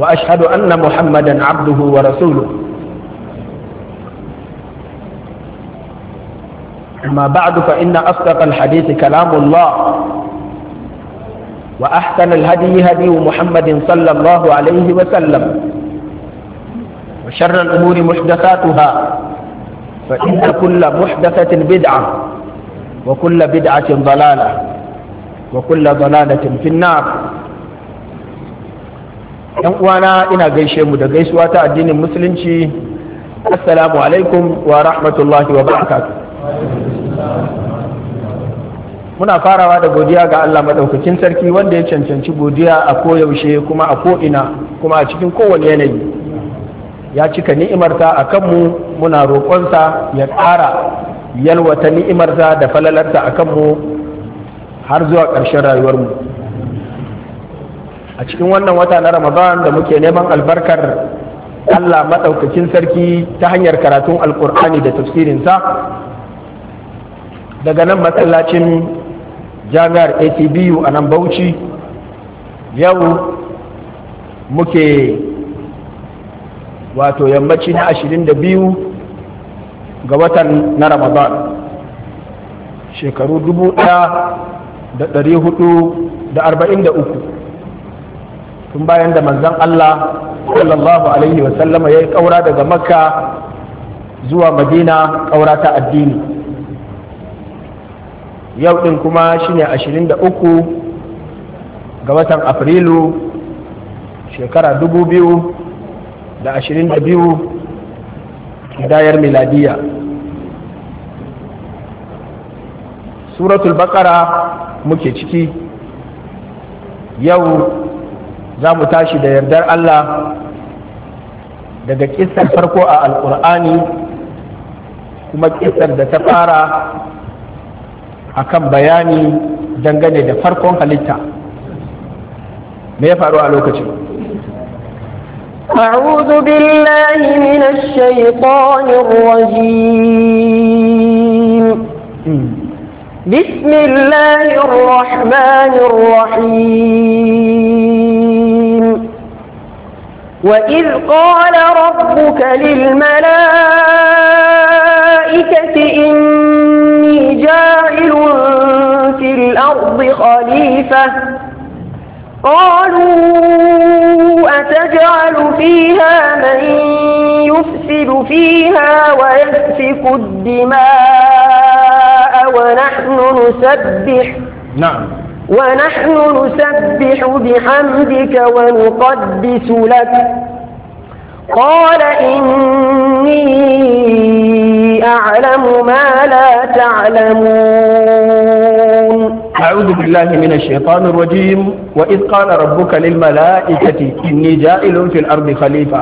وأشهد أن محمدا عبده ورسوله أما بعد فإن أصدق الحديث كلام الله وأحسن الهدي هدي محمد صلى الله عليه وسلم وشر الأمور محدثاتها فإن كل محدثة بدعة وكل بدعة ضلالة وكل ضلالة في النار yan uwana ina gaishe mu da gaisuwa ta addinin musulunci assalamu alaikum wa rahmatullahi wa barakatu muna farawa da godiya ga Allah madaukakin sarki wanda ya cancanci godiya a koyaushe kuma a ko'ina kuma a cikin kowane yanayi ya cika ni'imarta a kanmu muna roƙonsa ya ƙara yalwata ni'imarta da falalarta a kanmu har zuwa ƙarshen rayuwarmu a cikin wannan wata na ramadan da muke neman albarkar allah maɗaukakin sarki ta hanyar karatun alkur'ani da tafsirinsa daga nan matsalacin jami'ar atbu a nan bauchi yau muke wato yammaci na 22 ga watan na ramadan shekaru 1443 tun bayan da manzon Allah sallallahu alaihi wa sallama yayi kaura daga makka zuwa madina kaura ta addini yau din kuma shine 23 ga watan afrilu shekara 2022 idayar miladiya suratul baqara muke ciki yau za mu tashi da yardar Allah daga kisar farko a alkur'ani kuma kisar da ta fara akan bayani dangane da farkon halitta me ya faru a lokacin أعوذ بالله من الشيطان الرجيم بسم الله الرحمن الرحيم وإذ قال ربك للملائكة إني جاعل في الأرض خليفة قالوا أتجعل فيها من يفسد فيها ويسفك الدماء ونحن نسبح نعم ونحن نسبح بحمدك ونقدس لك قال إني أعلم ما لا تعلمون أعوذ بالله من الشيطان الرجيم وإذ قال ربك للملائكة إني جائل في الأرض خليفة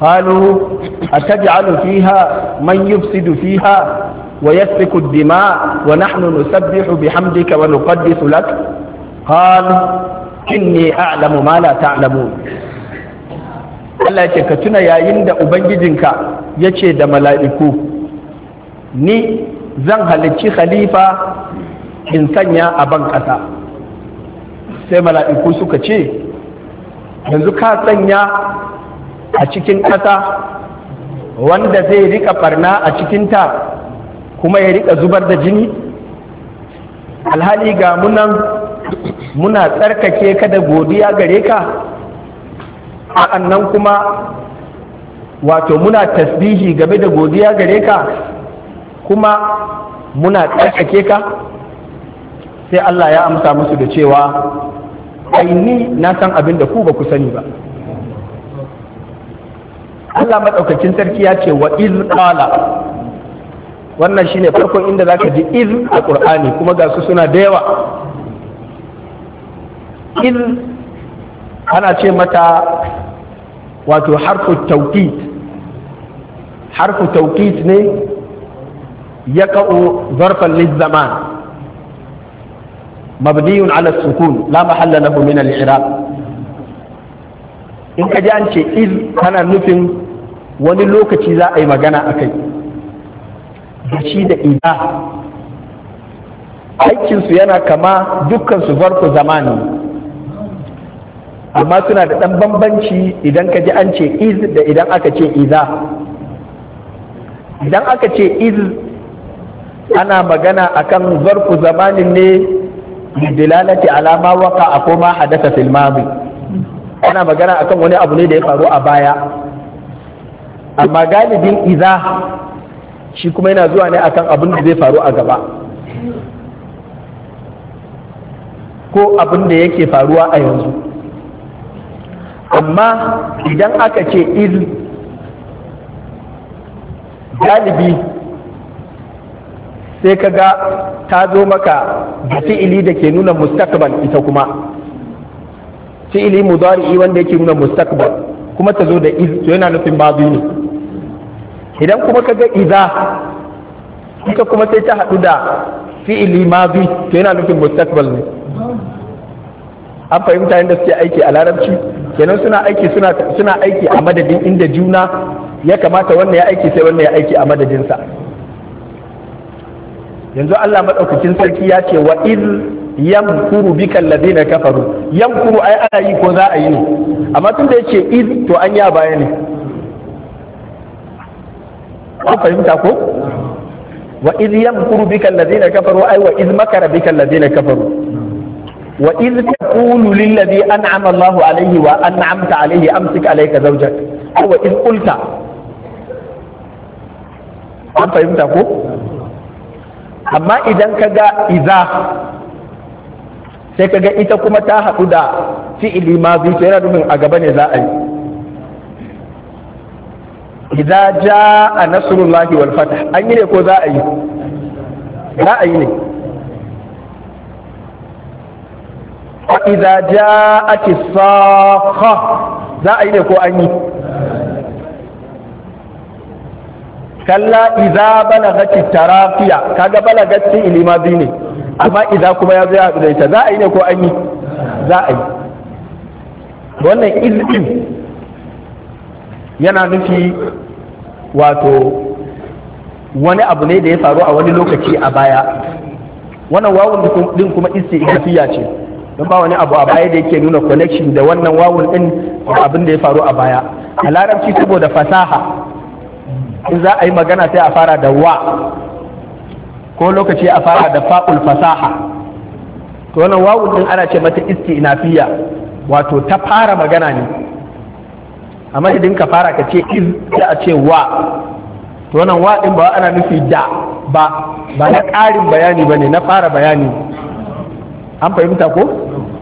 قالوا أتجعل فيها من يفسد فيها ويسفك الدماء ونحن نسبح بحمدك ونقدس لك قال إني أعلم ما لا تعلمون Allah ce ka tuna yayin da Ubangijinka ya ce da mala'iku, Ni zan halicci khalifa in sanya a ban ƙasa. Sai mala'iku suka ce, Yanzu ka sanya a cikin ƙasa wanda zai rika ɓarna a cikinta kuma ya riƙa zubar da jini alhali ga munan muna tsarkake ka da godiya gare ka annan kuma wato muna tasbihi game da godiya gare ka kuma muna tsarkake ka sai Allah ya amsa musu da cewa aini na san abin da ku ba ku sani ba Allah maɗaukakin sarki ya ce wa iz qala wannan shine farkon inda zaka ji iz a qur'ani kuma ga su suna da yawa iz ana ce mata wato harfu tawkid harfu tawkid ne ya ka'u zarfan lizaman mabniyun ala sukun la mahalla lahu min al in ka ji an ce iz kana nufin wani lokaci za a yi magana a kai. da shi da ina aikinsu yana kama dukkansu farko zamani amma suna da ɗan bambanci idan ka ji an ce iz da idan aka ce iza idan aka ce iz ana magana akan farko zamanin ne dilalati alama waka a koma hadasa filmami ana magana akan wani abu ne da ya faru a baya amma galibin iza shi kuma yana zuwa ne akan abin da zai faru a gaba ko abin da yake faruwa a yanzu amma idan aka ce iz galibi sai ka ga ta zo maka da fi'ili da ke nuna mustakabar ita kuma fi'ili mudari'i wanda yake nuna mustakabar. kuma ta zo da iz to yana nufin babu ne idan kuma ka ga iza ita kuma sai ta haɗu da fi'ili mazi to yana nufin mustaqbal ne an fahimta yadda suke aiki a larabci kenan suna aiki suna suna aiki a madadin inda juna ya kamata wannan ya aiki sai wannan ya aiki a madadinsa yanzu Allah madaukakin sarki ya ce wa il yamkuru bika alladhina kafaru yamkuru ai ana yi ko za a yi amma tunda yace iz to an ya baya ne an fahimta ko wa iz yamkuru bika allazina kafaru ay wa iz makara bika allazina kafaru wa iz taqulu lil ladhi an'ama Allahu alayhi wa an'amta alayhi amsik alayka zawjak ay wa iz qulta an fahimta ko amma idan kaga iza sai kaga ita kuma ta hadu da fi'ili ma to yana nufin a gaba ne za a yi idza jaa nasrullahi wal fath an yi ne ko za a yi za a yi ne wa idza jaa'at as za a yi ne ko an yi kalla idza balaghat tarafiya kaga balaghat fi ilimadi ne amma idza kuma ya zo ya hadu da ita za a yi ne ko an yi za a yi wannan izin yana nufi wato wani abu ne da ya faru a wani lokaci a baya wannan wawun din kuma istiqafiya ce don ba wani abu a baya da yake nuna connection da wannan wawun din abin da ya faru a baya a larabci saboda fasaha in za a yi magana sai a fara da wa ko lokaci a fara da fa'ul fasaha to wannan wawun din ana ce mata inafiya wato ta fara magana ne a madadin ka fara ka ce iz da a ce wa to wannan wa din ba ana nufi da ba ba na ƙarin bayani bane na fara bayani an fahimta ko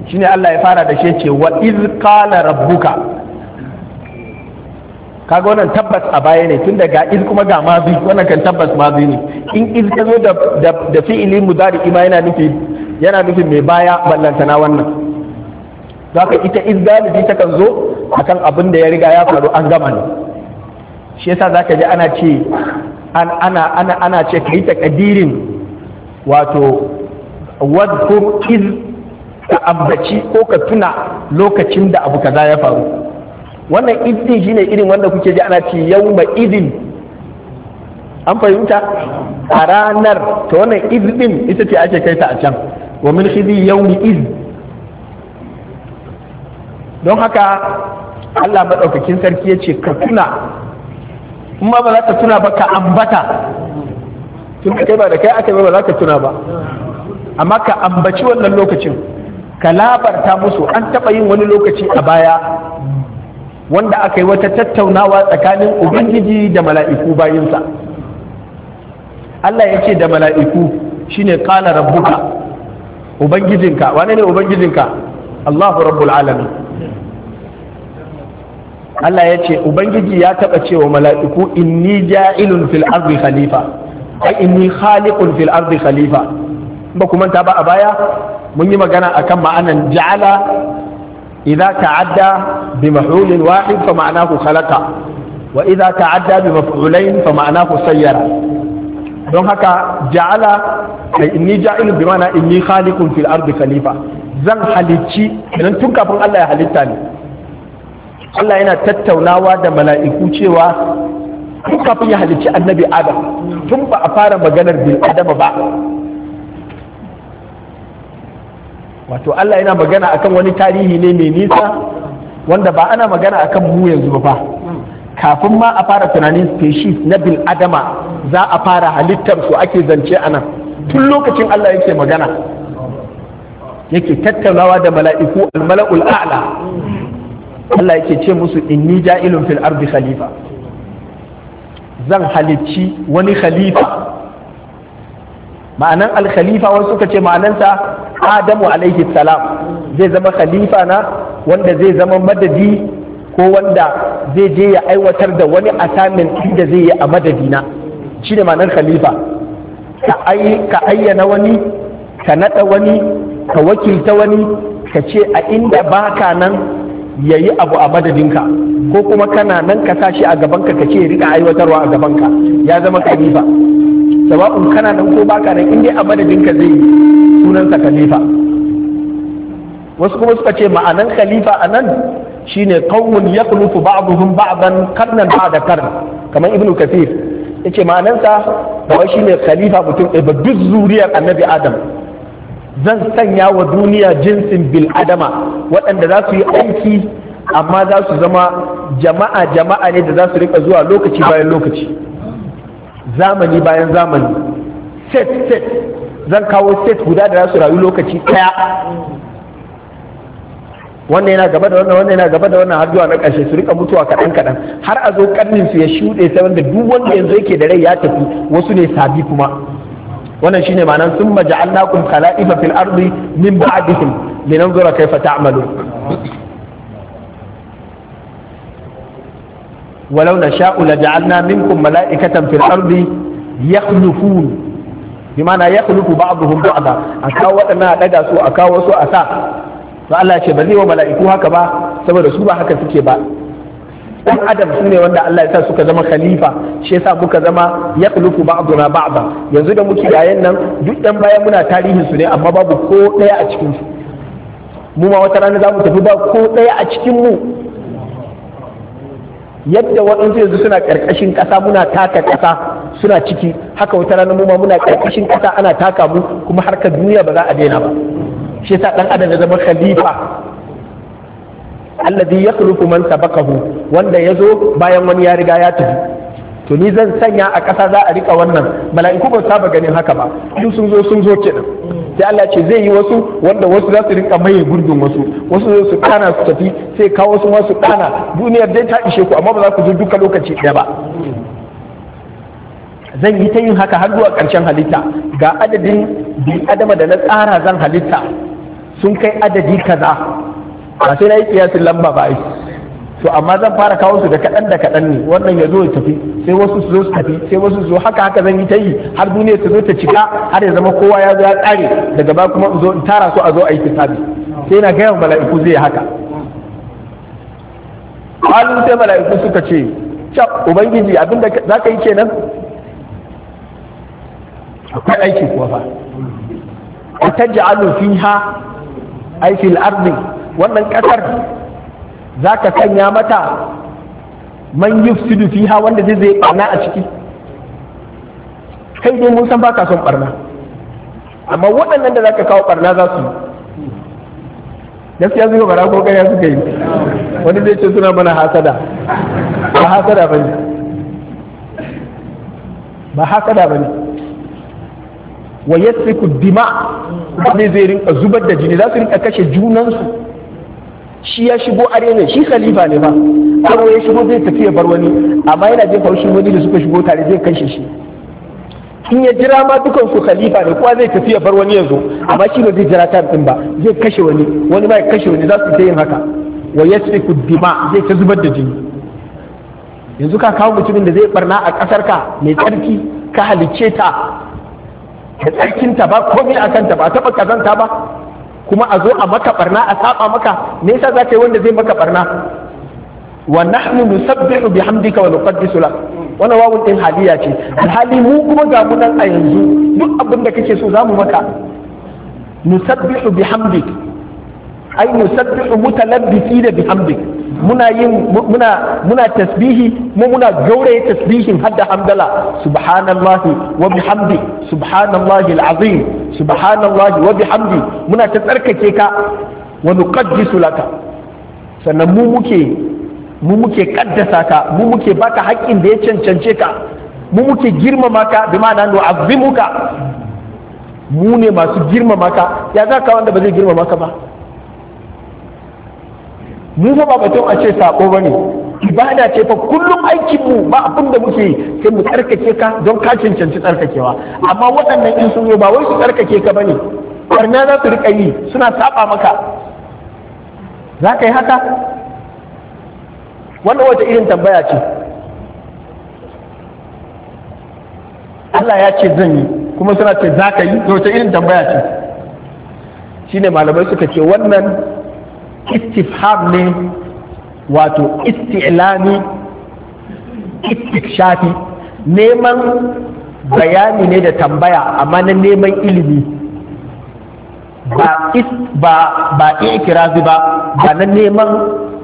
shine Allah ya fara da shi ce wa iz qala rabbuka kaga wannan tabbas a baya ne tun daga iz kuma ga mazi wannan kan tabbas mazi ne in iz ka zo da da fi'ili mudari ima yana nufi yana nufin mai baya ballantana wannan zaka ita iz galibi ta kan zo akan abin da ya riga ya faru an gama ne shi yasa ka ji ana ce ana ana ana ce takadirin wato wadkur iz ka ambaci ko ka tuna lokacin da abu kaza ya faru wannan idin shine irin wanda kuke ji ana ce ma idin an fahimta a ranar ta wannan izin ita ce ake kai ta a can wa min khidi yawmi iz don haka Allah maɗaukakin sarki ya ce ka tuna in ba za ka tuna ba ka ambata tun kai ba da kai aka yi ba za ka tuna ba amma ka ambaci wannan lokacin ka labarta musu an taɓa yin wani lokaci a baya wanda aka yi wata tattaunawa tsakanin ubangiji da mala'iku bayinsa Allah ya ce da mala'iku shine ƙala rabbuka ubangijinka wane ne ubangijinka Allahu rabbul alamin Allah ya ce ubangiji ya taɓa cewa mala'iku inni ja'ilun fil ardi khalifa ai inni khaliqun fil ardi khalifa ba ku ta ba a baya mun yi magana a kan ma'anan ja'ala idza ta'adda bi maf'ulin wahid fa ma'ana ma'anahu khalaqa wa idza ta'adda bi maf'ulain fa ma'ana ku sayyara don haka ja'ala ai inni ja'ilun bi ma'ana inni khaliqun fil ardi khalifa zan halicci idan tun kafin Allah ya halitta ne Allah yana tattaunawa da mala'iku cewa tun kafin ya halicci annabi adam tun ba a fara maganar bil adama ba wato Allah yana magana akan wani tarihi ne mai nisa wanda ba ana magana akan mu yanzu ba kafin ma a fara tunanin species na bil adama za a fara halittar su ake zance a nan tun lokacin Allah yake magana yake tattaunawa da mala'iku al-mala'ul a'la Allah yake ce musu inni ja'ilun fil ardi khalifa zan halicci wani khalifa ma'anan al-khalifa wasu suka ce ma'anansa adamu alaihi salam zai zama khalifa na wanda zai zama madadi ko wanda zai je ya aiwatar da wani assignment da zai yi a madadina shine ma'anar khalifa ka ayyana wani ka naɗa wani ka wakilta wani ka ce a inda baka nan ya yi abu a madadinka ko kuma kana nan ka tashi a gabanka ka ce rika aiwatarwa a gabanka ya zama kalifa sababin kana nan ko baka nan in dai a madadinka zai yi sunansa kalifa. wasu kuma suka ce ma'anan kalifa a nan shine qaumun yaqlufu ba'dhum ba'dan qarnan ba'da qarn kamar ibnu kathir yace ma'anansa ba wai shine kalifa mutum ɗaya duk zuriyar annabi adam zan sanya wa duniya jinsin bil'adama waɗanda za su yi aiki amma za su zama jama'a jama'a ne da za su rika zuwa lokaci bayan lokaci zamani bayan zamani set set zan kawo set guda da za su rayu lokaci ɗaya wannan yana gaba da wannan wannan yana gaba da wannan har zuwa na ƙarshe su rika mutuwa kaɗan kaɗan har a zo ƙarnin su ya shuɗe sai wanda duk wanda yanzu yake da rai ya tafi wasu ne sabi kuma wannan shine ma'anar sun maja allakun kala'ifa fil ardi min ba'dihim linanzura kaifa ta'malu walau na sha'u la ja'alna minkum mala'ikatan fil ardi yakhlufun bimana yakhlufu ba'dhum ba'da a kawo wadannan a daga su a kawo su a sa to Allah ce ba zai wa mala'iku haka ba saboda su ba haka suke ba dan adam su ne wanda Allah ya sa suka zama khalifa shi yasa muka zama ya kulufu ba'duna ba'da yanzu da muke yayin nan duk dan baya muna tarihin su ne amma babu ko daya a cikin su mu ma wata rana za tafi ba ko daya a cikin mu yadda waɗansu yanzu suna ƙarƙashin ƙasa muna taka ƙasa suna ciki haka wata rana mu ma muna ƙarƙashin ƙasa ana taka mu kuma harkar duniya ba za a daina ba shi yasa dan adam ya zama khalifa alladhi yakhluqu man sabaqahu wanda yazo bayan wani ya riga ya tafi to ni zan sanya a ƙasa za a rika wannan mala'iku ba saba ganin haka ba in sun zo sun zo kenan sai Allah ce zai yi wasu wanda wasu za su rinka maye gurbin wasu wasu zo su kana su tafi sai kawo wasu wasu kana duniyar dai ta ishe ku amma ba za ku zo duka lokaci ɗaya ba zan yi ta yin haka har zuwa ƙarshen halitta ga adadin bi adama da na tsara zan halitta sun kai adadi kaza ba sai na yi kiyasin lamba ba ai to amma zan fara kawo su da kaɗan da kaɗan ne wannan ya zo ya tafi sai wasu su zo su tafi sai wasu su zo haka haka zan yi ta yi har duniya ta zo ta cika har ya zama kowa ya zo ya tsare daga ba kuma in zo in tara su a zo a yi hisabi sai na gaya mala'iku zai haka halin sai mala'iku suka ce cap ubangiji abinda za ka yi kenan akwai aiki kuwa fa a taj'alu fiha ay fil ardi wannan ƙasar za ka sanya mata man yufsidu fiha wanda zai zai barna a ciki kai dai mun san ba ka son barna amma waɗannan da za ka kawo barna za su gaskiya suka bara ko kariya suka yi wani zai ce suna mana hasada ba hasada ba ne ba hasada ba ne wa yasriku dima ne zai rinka zubar da jini za su rinka kashe junansu shi ya shigo arenan shi khalifa ne ba aro ya shigo zai tafi ya bar wani amma yana jefa farushin wani da suka shigo tare zai kashe shi in ya jira ma dukan su khalifa ne kuwa zai tafi ya bar wani yanzu amma shi ba zai jira ta din ba zai kashe wani wani ma ya kashe wani za su ta yin haka wa yasfiku dima zai ta zubar da jini yanzu ka kawo mutumin da zai barna a kasar ka mai tsarki ka halicce ta da tsarkinta ba komai a kanta ba taɓa kazanta ba kuma a zo a maka barna a saba maka me yasa za ka yi wanda zai maka barna wa nahnu nusabbihu bihamdika wa nuqaddisu lak wannan wawun din haliya ce alhali mu kuma ga mu nan a yanzu duk abin da kake so zamu maka nusabbihu bihamdik ay nusabbihu mutalabbisina bihamdik muna yin muna muna tasbihi mu muna gauraye tasbihin hadda hamdala subhanallahi wa bihamdi subhanallahi alazim subhanallahi wa bihamdi muna ta tsarkake ka wa nuqaddisu laka sannan mu muke mu muke kaddasa ka mu muke baka haƙƙin da ya cancance ka mu muke girmama ka bi ma'ana azimuka mu ne masu girmama ka ya za ka wanda ba zai girmama ka ba mu fa ba batun a ce sako bane ibada ce fa kullum aikin mu ba abin da muke sai mu tsarkake ka don ka cancanci tsarkakewa amma waɗannan in sun zo ba wai su tsarkake ka bane barna za su rika yi suna saba maka za ka yi haka wannan wata irin tambaya ce Allah ya ce zan yi kuma suna ce za ka yi wata irin tambaya ce shine malamai suka ce wannan istifham ne wato isti'lami shafi neman bayani ne da tambaya amma na neman ilimi ba is ba ba ikirazi ba ba na neman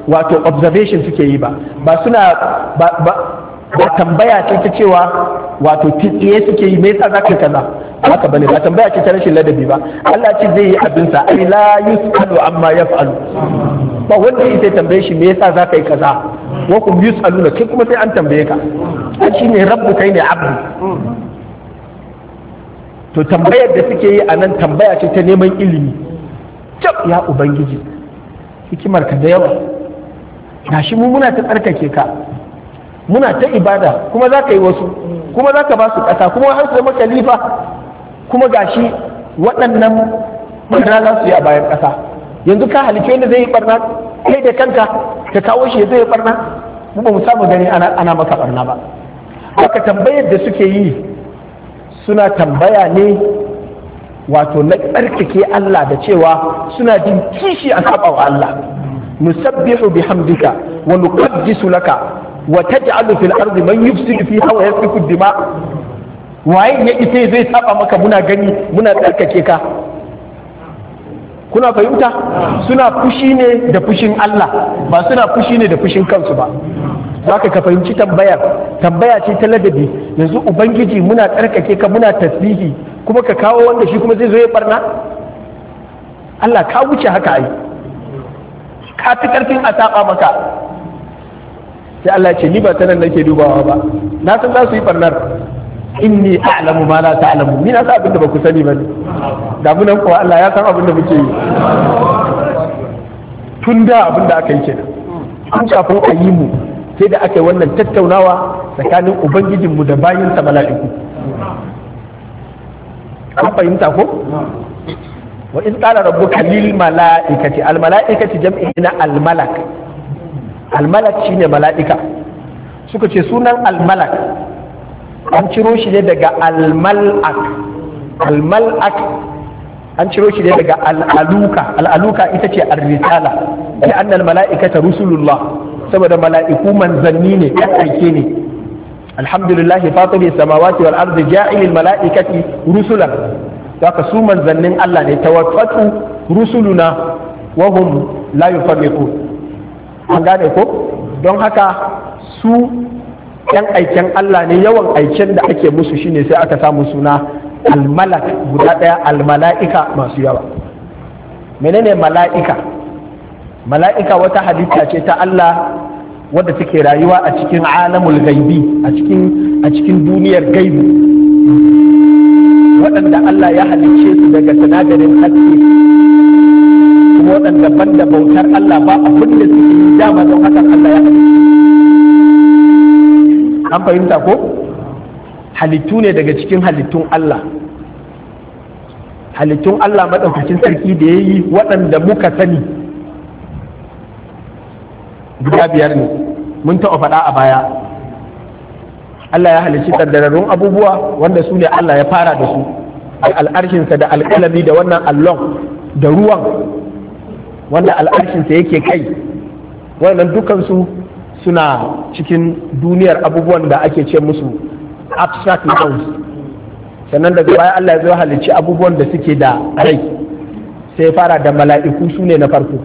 wato observation suke yi ba ba suna ba tambaya ce ta cewa wato titsiye suke yi me yasa zaka kaza haka bane ba tambaya ce ta rashin ladabi ba Allah ce zai yi abin sa ai la yusalu amma yaf'alu ba wanda yake tambaye shi me yasa za ka yi kaza wa kum yusaluna kai kuma sai an tambaye ka shi ne rabbu kai ne abdu to tambayar da suke yi a nan tambaya ce ta neman ilimi cab ya ubangiji hikimar ka da yawa na shi mu muna ta tsarkake ka muna ta ibada kuma za ka yi wasu kuma za ka ba su ƙasa kuma har su zama kalifa kuma gashi waɗannan barna za su yi a bayan ƙasa yanzu ka halice ni zai yi barna kai da kanka ka kawo shi zai yi barna mu ba mu samu gani ana maka barna ba haka tambayar da suke yi suna tambaya ne wato na tsarkake Allah da cewa suna jin kishi a saba Allah nusabbihu bihamdika wa nuqaddisu laka wa taj'alu fil ardi man yufsidu fiha wa yasfiku dima waye ya ita zai saba maka muna gani muna tsarkake ka kuna fahimta suna fushi ne da fushin Allah ba suna fushi ne da fushin kansu ba zaka ka fahimci tambaya tambaya ce ta ladabi yanzu ubangiji muna tsarkake ka muna tasbihi kuma ka kawo wanda shi kuma zai zo ya barna Allah ka wuce haka ai ka fi karfin a saba maka sai Allah ce ni ba tana nake dubawa ba na san za su yi barnar inni a'lamu ma la ta'lamu ni na san abin da ba ku sani ba da mun nan Allah ya san abin da muke yi tun da abin da aka yi kenan an kafin a yi mu sai da aka yi wannan tattaunawa tsakanin ubangijinmu da bayinsa mala'iku an fahimta ko wa in qala rabbuka lil mala'ikati al mala'ikati jam'i na al malak al malak shine mala'ika suka ce sunan al malak an ciro shi ne daga almal'ak almal'ak an ciro shi ne daga al'aluka al'aluka ita ce ar-risala ya annal mala'ikata rusulullah saboda mala'iku manzanni ne ya aike ne alhamdulillah fatir samawati wal ardi ja'il al mala'ikati rusulan haka su manzannin Allah ne tawaffatu rusuluna wa hum la yufarriqun an gane ko don haka su yan aiken Allah ne yawan aiken da ake musu shine sai aka samu suna almalak guda ɗaya almala'ika masu yawa menene mala'ika mala'ika wata halitta ce ta Allah wadda take rayuwa a cikin alamul gaibi a cikin a cikin duniyar gaibi waɗanda Allah ya halicce su daga sinadarin haske kuma waɗanda banda bautar Allah ba abin da suke dama don hakan Allah ya halicce an fahimta ko halittu ne daga cikin halittun Allah halittun Allah maɗaukacin sarki da ya yi waɗanda muka sani guda biyar ne mun taɓa faɗa a baya Allah ya halicci ƙaddararrun abubuwa wanda su ne Allah ya fara da su al'arshinsa da alƙalami da wannan allon da ruwan wanda al'arshinsa yake kai wannan dukansu suna cikin duniyar abubuwan da ake ce musu abstract nouns sannan daga baya Allah ya zo halicci abubuwan da suke da rai sai fara da mala'iku su ne na farko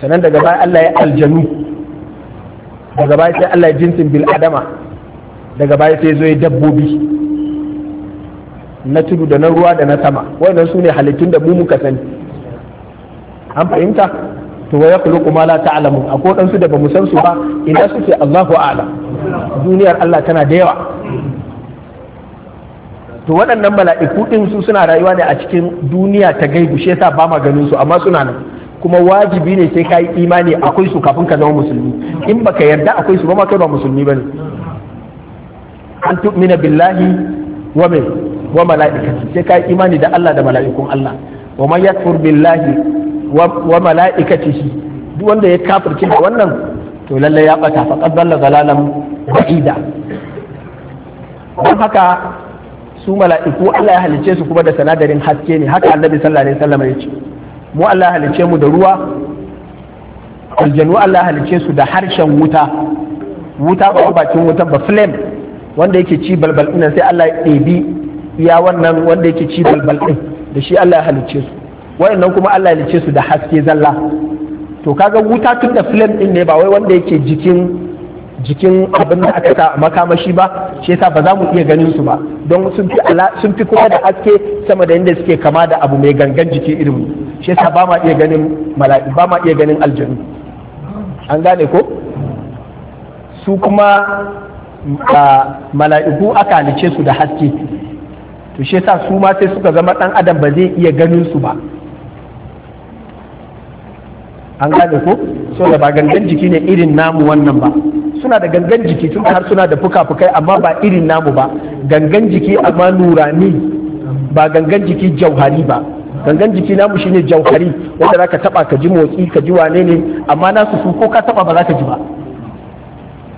sannan daga baya Allah ya aljanu daga baya sai Allah ya jinsin bil adama daga baya sai zo ya dabbobi na tudu da na ruwa da na sama wannan su ne halittun da mu muka sani an fahimta to ya kulu kuma la ta'lamu akwai dan da bamu san su ba ina suke Allahu a'lam duniyar Allah tana da yawa to waɗannan mala'iku din su suna rayuwa ne a cikin duniya ta gaibu shi yasa ba ma ganin su amma suna nan kuma wajibi ne sai kai imani akwai su kafin ka zama musulmi in baka yarda akwai su ba ma kai ba musulmi bane an tu'mina billahi wa bi wa mala'ikati sai kai imani da Allah da mala'ikun Allah wa man yakfur billahi wa mala'ikatihi duk wanda ya kafirce da wannan to lalle ya bata faqad dalla zalalan ba'ida don haka su mala'iku Allah ya halice su kuma da sanadarin haske ne haka Annabi sallallahu alaihi wasallam ya ce mu Allah ya halice mu da ruwa aljanu Allah ya halice su da harshen wuta wuta ba bakin wuta ba flame wanda yake ci balbal ɗin sai Allah ya ɗebi iya wannan wanda yake ci balbal ɗin da shi Allah ya halice su waɗannan kuma Allah ya ce su da haske zalla to kaga wuta tun da flame din ne ba wai wanda yake jikin jikin abin da aka sa makamashi ba shi yasa ba za mu iya ganin su ba don sun fi sun fi kuma da haske sama da yadda suke kama da abu mai gangan jiki irin mu shi yasa ba ma iya ganin mala'i ba ma iya ganin aljanu an gane ko su kuma mala'iku aka halice su da haske to shi yasa su ma sai suka zama dan adam ba zai iya ganin su ba an gane ko so da ba gangan jiki ne irin namu wannan ba suna da gangan jiki tun har suna da fuka-fukai amma ba irin namu ba gangan jiki amma nurani ba gangan jiki jauhari ba gangan jiki namu shine jauhari wanda ka taba ka ji motsi ka ji wane ne amma nasu su ko ka taba ba za ka ji ba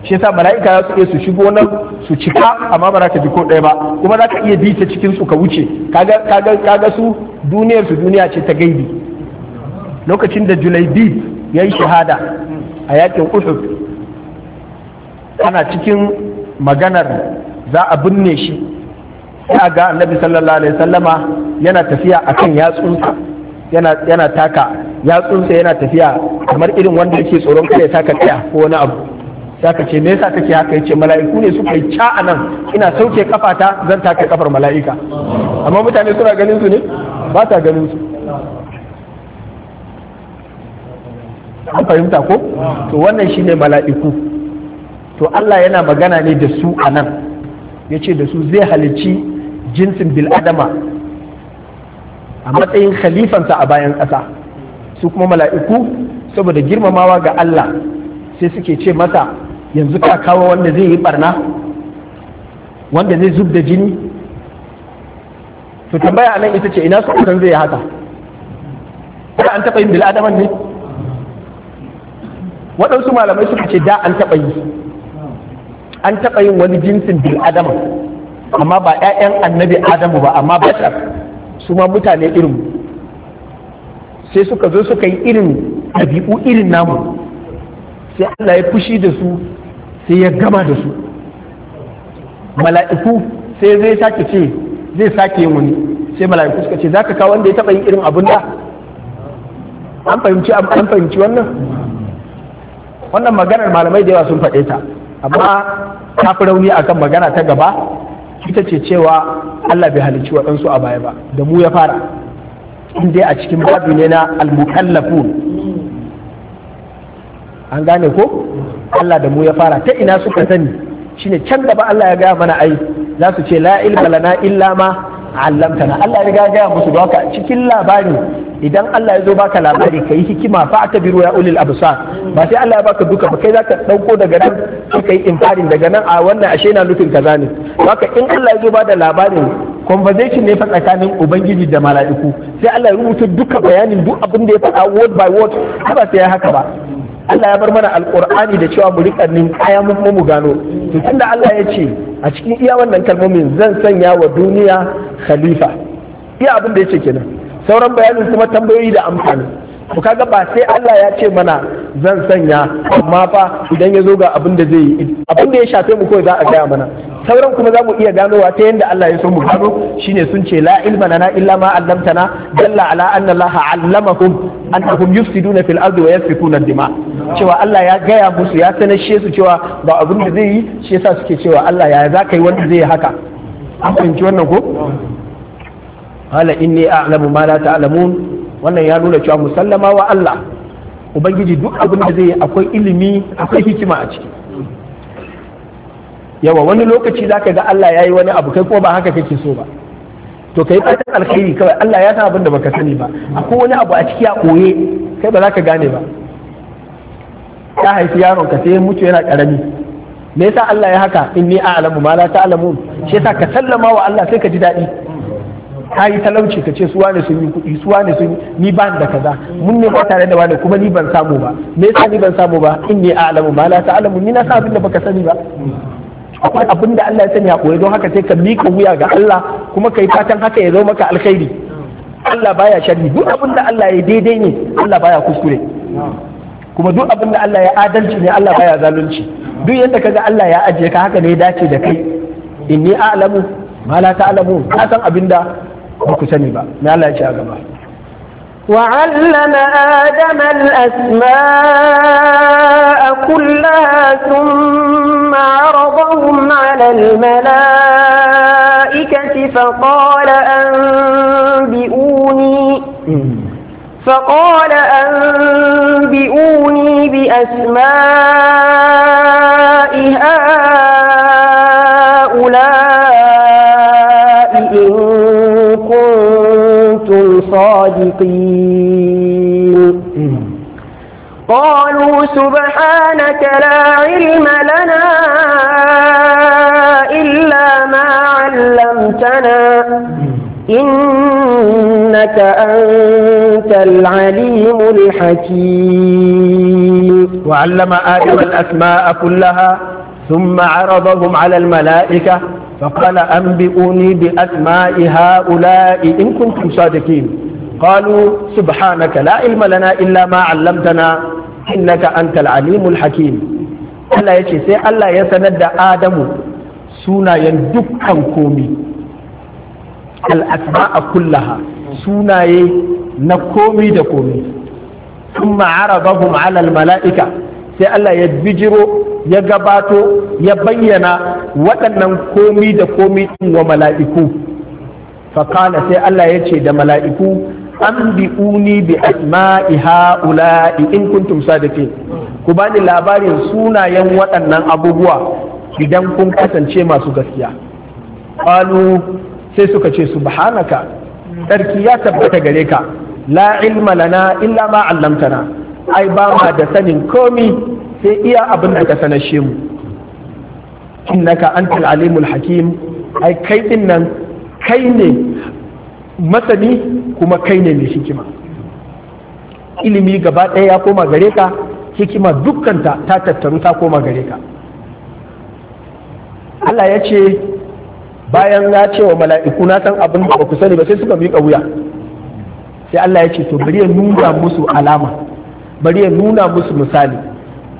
shi yasa mala'ika za su iya su shigo nan su cika amma ba za ka ji ko ɗaya ba kuma za ka iya bi ta cikin su ka wuce kaga ga su duniyar su duniya ce ta gaibi lokacin da julaibi ya yi shahada a yakin uhud ana cikin maganar za a binne shi ya ga annabi sallallahu alaihi sallama yana tafiya a kan yatsunsa yana taka yatsunsa yana tafiya kamar irin wanda yake tsoron kai taka tsaya ko wani abu ka ce me yasa kake haka yace mala'iku ne suka yi ca anan ina sauke kafata zan take kafar mala'ika amma mutane suna ganin su ne ba ta ganin su an fahimta ko to wannan shine mala'iku to Allah yana magana ne da su a nan ya ce da su zai halicci jinsin bil'adama a matsayin khalifansa a bayan ƙasa su kuma mala'iku saboda girmamawa ga Allah sai suke ce masa yanzu ka kawo wanda zai yi barna wanda zai zub da jini to tambaya nan ita ce ina su zai yi haka ko an taɓa yin bil'adaman ne waɗansu malamai suka ce da an taɓa yi an taɓa yin wani jinsin bil adam amma ba 'ya'yan annabi adamu ba amma bashar su ma mutane irin sai suka zo suka yi irin ɗabi'u irin namu sai Allah ya fushi da su sai ya gama da su mala'iku sai zai sake ce zai sake yin wani sai mala'iku suka ce za ka kawo wanda ya taɓa yin irin abun da an fahimci wannan wannan maganar malamai da yawa sun faɗe ta amma ta fi rauni akan magana ta gaba ita ce cewa Allah bai halicci waɗansu a baya ba da mu ya fara in a cikin babu ne na almukallafu an gane ko Allah da mu ya fara ta ina suka sani shine can gaba Allah ya gaya mana ai za su ce la ilma lana illa ma allamtana Allah ya gaya musu masu cikin labari idan Allah ya zo baka labari ka yi hikima fa ta biro ya ulil abusa. ba sai Allah ya baka duka ba kai zaka dauko daga nan ka kai infarin daga nan a wannan ashe na nufin kaza ne baka in Allah ya zo ba da labarin conversation ne fa tsakanin ubangiji da mala'iku sai Allah ya rubuta duka bayanin duk abin da ya faɗa word by word ba sai ya haka ba Allah ya bar mana alkur'ani da cewa mu riƙa nin kaya mu mu gano to tunda Allah ya ce a cikin iya wannan kalmomin zan sanya wa duniya khalifa iya abin da ya kenan sauran bayanin kuma tambayoyi da amfani to kaga ba sai Allah ya ce mana zan sanya amma fa idan ya zo ga abin da zai yi abin da ya shafe mu kawai za a gaya mana sauran kuma za mu iya wa ta yadda Allah ya so mu gano shine sun ce la ilma lana illa ma allamtana dalla ala anna Allah allamahum annahum yufsiduna fil ardi wa yasfikuna dima cewa Allah ya gaya musu ya sanashe su cewa ba abin da zai yi shi yasa suke cewa Allah ya za yi wanda zai haka an fahimci wannan ko qala inni a'lamu ma la ta'lamun wannan ya nuna cewa musallama wa Allah ubangiji duk abin da zai yi akwai ilimi akwai hikima a ciki yawa wani lokaci zaka ga Allah yayi wani abu kai ko ba haka kake so ba to kai fatan alkhairi kawai Allah ya san abin da baka sani ba akwai wani abu a ciki a koye kai ba za ka gane ba ka haifi yaron ka sai mutu yana karami me yasa Allah ya haka inni a'lamu ma la ta'lamun shi yasa ka sallama wa Allah sai ka ji daɗi ka yi talauci ka ce suwa ne sun yi kuɗi suwa ne sun ni ba da kaza mun ne ba tare da wani kuma ni ban samu ba me yasa ni ban samu ba in ne a'lamu ma la ta'lamu ni na sa abin da baka sani ba akwai abin da Allah ya sani a koyi don haka sai ka mika wuya ga Allah kuma kai fatan haka ya zo maka alkhairi Allah baya sharri duk abin da Allah ya daidai ne Allah baya kuskure kuma duk abin da Allah ya adalci ne Allah baya zalunci duk yadda kaga Allah ya ajiye ka haka ne ya dace da kai inni a'lamu ma la ta'lamu ka san abin da ba sani ba me Allah ya ce a gaba وعلم آدم الأسماء كلها ثم عرضهم على الملائكة فقال أنبئوني فقال أنبئوني بأسماء هؤلاء صادقين قالوا سبحانك لا علم لنا إلا ما علمتنا إنك أنت العليم الحكيم وعلم آدم الأسماء كلها ثم عرضهم على الملائكة فقال أنبئوني بأسماء هؤلاء إن كنتم صادقين قالوا سبحانك لا علم لنا إلا ما علمتنا إنك أنت العليم الحكيم Allah ya ce sai Allah ya sanar da Adamu sunayen dukkan komi al'asma'a kullaha sunaye na komi da komi sun ma'arabahum alal mala'ika sai Allah ya bijiro ya gabato ya bayyana waɗannan komi da komi ɗin wa mala'iku faƙala sai Allah ya ce da mala'iku an bi uni bi asma'i ha'ula'i in kuntum sadiqin ku bani labarin sunayen waɗannan abubuwa idan kun kasance masu gaskiya qalu sai suka ce subhanaka sarki ya tabbata gare ka la ilma lana illa ma 'allamtana ai ba ma da sanin komi sai iya abin da ka sanashe mu innaka antal alimul hakim ai kai din nan kai ne masani kuma kai ne mai hikima ilimi gaba ɗaya ya koma gare ka hikima dukkanta ta tattaru ta koma gare ka Allah ya ce bayan ya ce wa mala'iku na san abin da ba ku sani ba sai suka miƙa wuya sai Allah ya ce to bari ya nuna musu alama bari ya nuna musu misali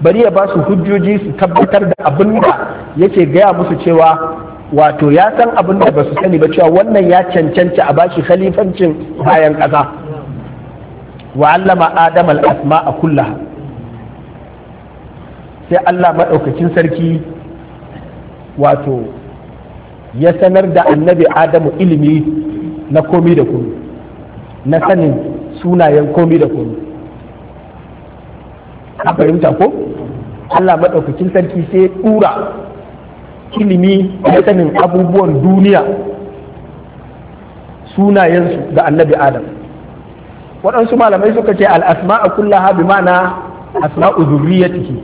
bari ya ba su hujjoji su tabbatar da abin da yake gaya musu cewa wato ya san abin da ba su sani ba cewa wannan ya cancanci a bashi khalifancin bayan ƙasa wa allama adam al-asma a kulla. sai Allah maɗaukacin sarki wato ya sanar da annabi adamu ilimi na komi da komi na sanin sunayen komi da komi a fahimta ko Allah maɗaukakin sarki sai ɗura ilimi da sanin abubuwan duniya sunayensu ga annabi adam waɗansu malamai suka ce al'asma'a kullaha bi ma'ana asma'u zuriyatihi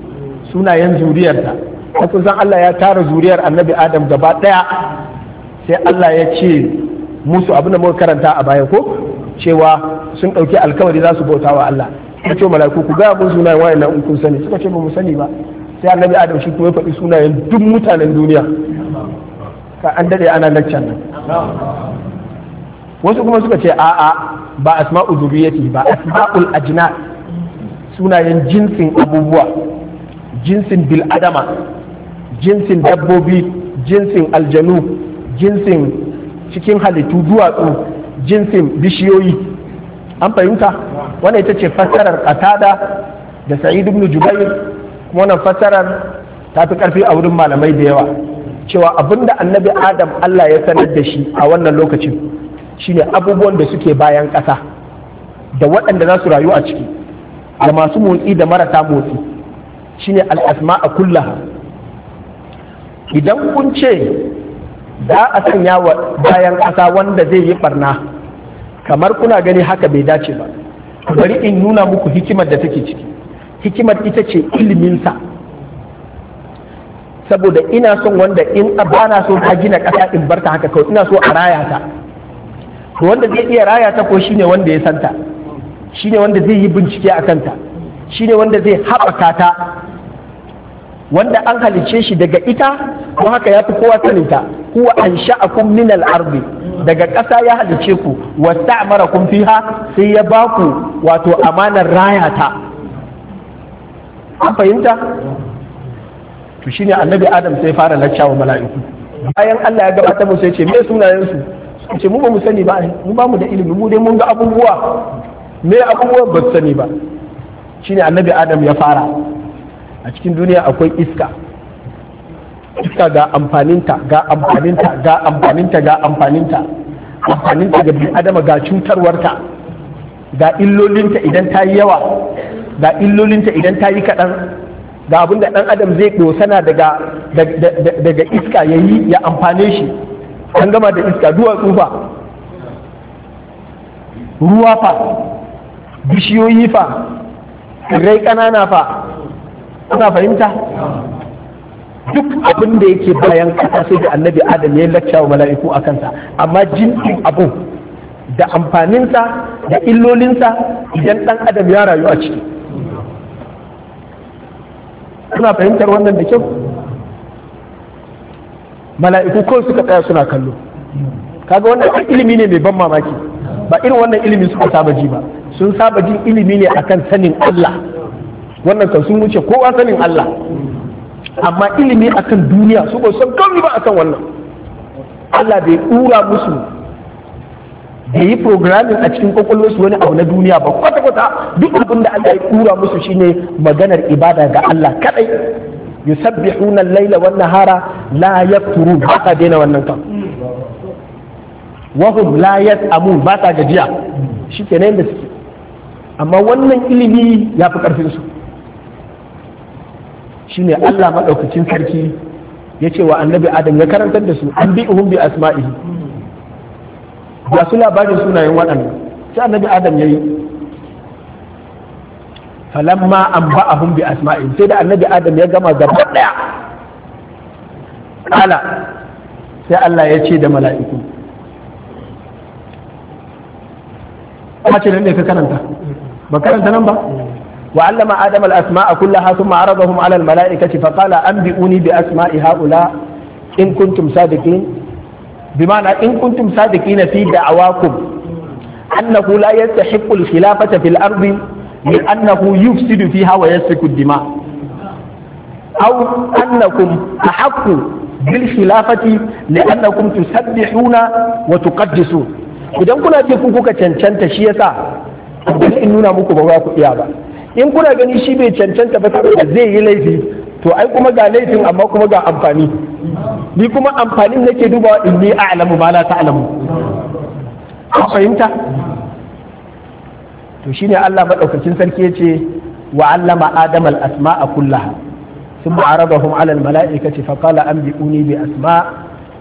sunayen zuriyarta a kusan Allah ya tara zuriyar annabi adam gaba ɗaya sai Allah ya ce musu abin da muka karanta a baya ko cewa sun ɗauki alkawari za su bauta wa Allah suka ce mala'iku ku ga abin sunayen wa'annan in kun sani suka ce ba mu sani ba sai annabi adam shi kuma ya faɗi sunayen duk mutanen duniya ka an dade ana laccan nan wasu kuma suka ce a'a ba asma'u zuriyati ba asma'ul ajna sunayen jinsin abubuwa jinsin bil adama jinsin dabbobi jinsin aljanu jinsin cikin halittu duwatsu jinsin bishiyoyi an fahimta wannan ita ce fassarar qatada da sa'id ibn jubair kuma wannan fassarar ta fi karfi a wurin malamai da yawa cewa abinda annabi adam Allah ya sanar da shi a wannan lokacin shine abubuwan da suke bayan ƙasa da waɗanda za su rayu a ciki da masu motsi da marasa motsi shine al'asma a kulla. idan kun ce za a sanya bayan ƙasa wanda zai yi barna kamar kuna gani haka bai dace ba bari in nuna muku hikimar da take ciki hikimar ita ce iliminsa saboda ina son wanda in ba na so ta gina ƙasa in barta haka kawai ina so a raya ta to wanda zai iya raya ta ko shine wanda ya santa shine wanda zai yi bincike a kanta shine wanda zai haɓaka ta wanda an halicce shi daga ita ko haka ya fi kowa sanin ta? an sha'akum min al-ardi daga ƙasa ya halice ku ta'marakum fiha sai ya ba ku wato amanar rayata an fahimta to shine annabi adam sai fara lacca mala'iku bayan Allah ya gabata mu ya ce me sunayen su ce mu ba mu sani ba mu ba mu da ilimi mu dai mun ga abubuwa me abubuwan ba su sani ba shine annabi adam ya fara a cikin duniya akwai iska iska ga amfaninta ga amfaninta ga amfaninta ga amfaninta amfaninta ga bin adama ga cutarwarta ga illolinta idan ta yi yawa ga illolinta idan ta yi kaɗan ga abin da ɗan adam zai ɗosana daga daga iska ya yi ya amfane shi an gama da iska duwatsu fa ruwa fa bishiyoyi fa tsirrai ƙanana fa ana fahimta duk abin da yake bayan kasa sai da annabi adam ya lacca wa mala'iku a kansa amma jin abin da amfaninsa da illolinsa idan ɗan adam ya rayu a ciki kuna fahimtar wannan da kyau mala'iku kawai suka tsaya suna kallo kaga wannan ilimi ne mai ban mamaki ba irin wannan ilimi suka saba ji ba sun saba jin ilimi ne akan sanin Allah wannan kan sun wuce kowa sanin Allah amma ilimi akan duniya su ba san ba akan wannan Allah bai dura musu da yi programming a cikin kwakwalwarsu wani abu na duniya ba kwata-kwata duk abin da Allah ya dura musu shine maganar ibada ga Allah kadai yusabbihuna al-laila wan nahara la yafturu ba ka daina wannan kan hum la yasamu ba ta gajiya shikenan da suke amma wannan ilimi ya fi karfin su shine Allah madaukakin sarki ya ce wa annabi adam ya karantar da su an bi uhum bi asma'ihi ga su labarin sunayen waɗannan sai annabi adam ya yi falamma an ba'ahum bi asma'ihim sai da annabi adam ya gama gaba daya kala sai Allah ya ce da mala'iku kuma ce ne ka karanta ba karanta nan ba وعلم آدم الأسماء كلها ثم عرضهم على الملائكة فقال أنبئوني بأسماء هؤلاء إن كنتم صادقين بمعنى إن كنتم صادقين في دعواكم أنه لا يستحق الخلافة في الأرض لأنه يفسد فيها ويسفك الدماء أو أنكم أحق بالخلافة لأنكم تسبحون وتقدسون إذا كنا ce ku kuka cancanta shi yasa ba in kuna gani shi bai cancanta ba saboda zai yi laifi to ai kuma ga laifin amma kuma ga amfani ni kuma amfanin nake dubawa in ni a'lamu ba la ta'lamu an fahimta to shine Allah madaukakin sarki yace wa allama adam al asma'a kullaha ثم عرضهم على bi فقال bi asma'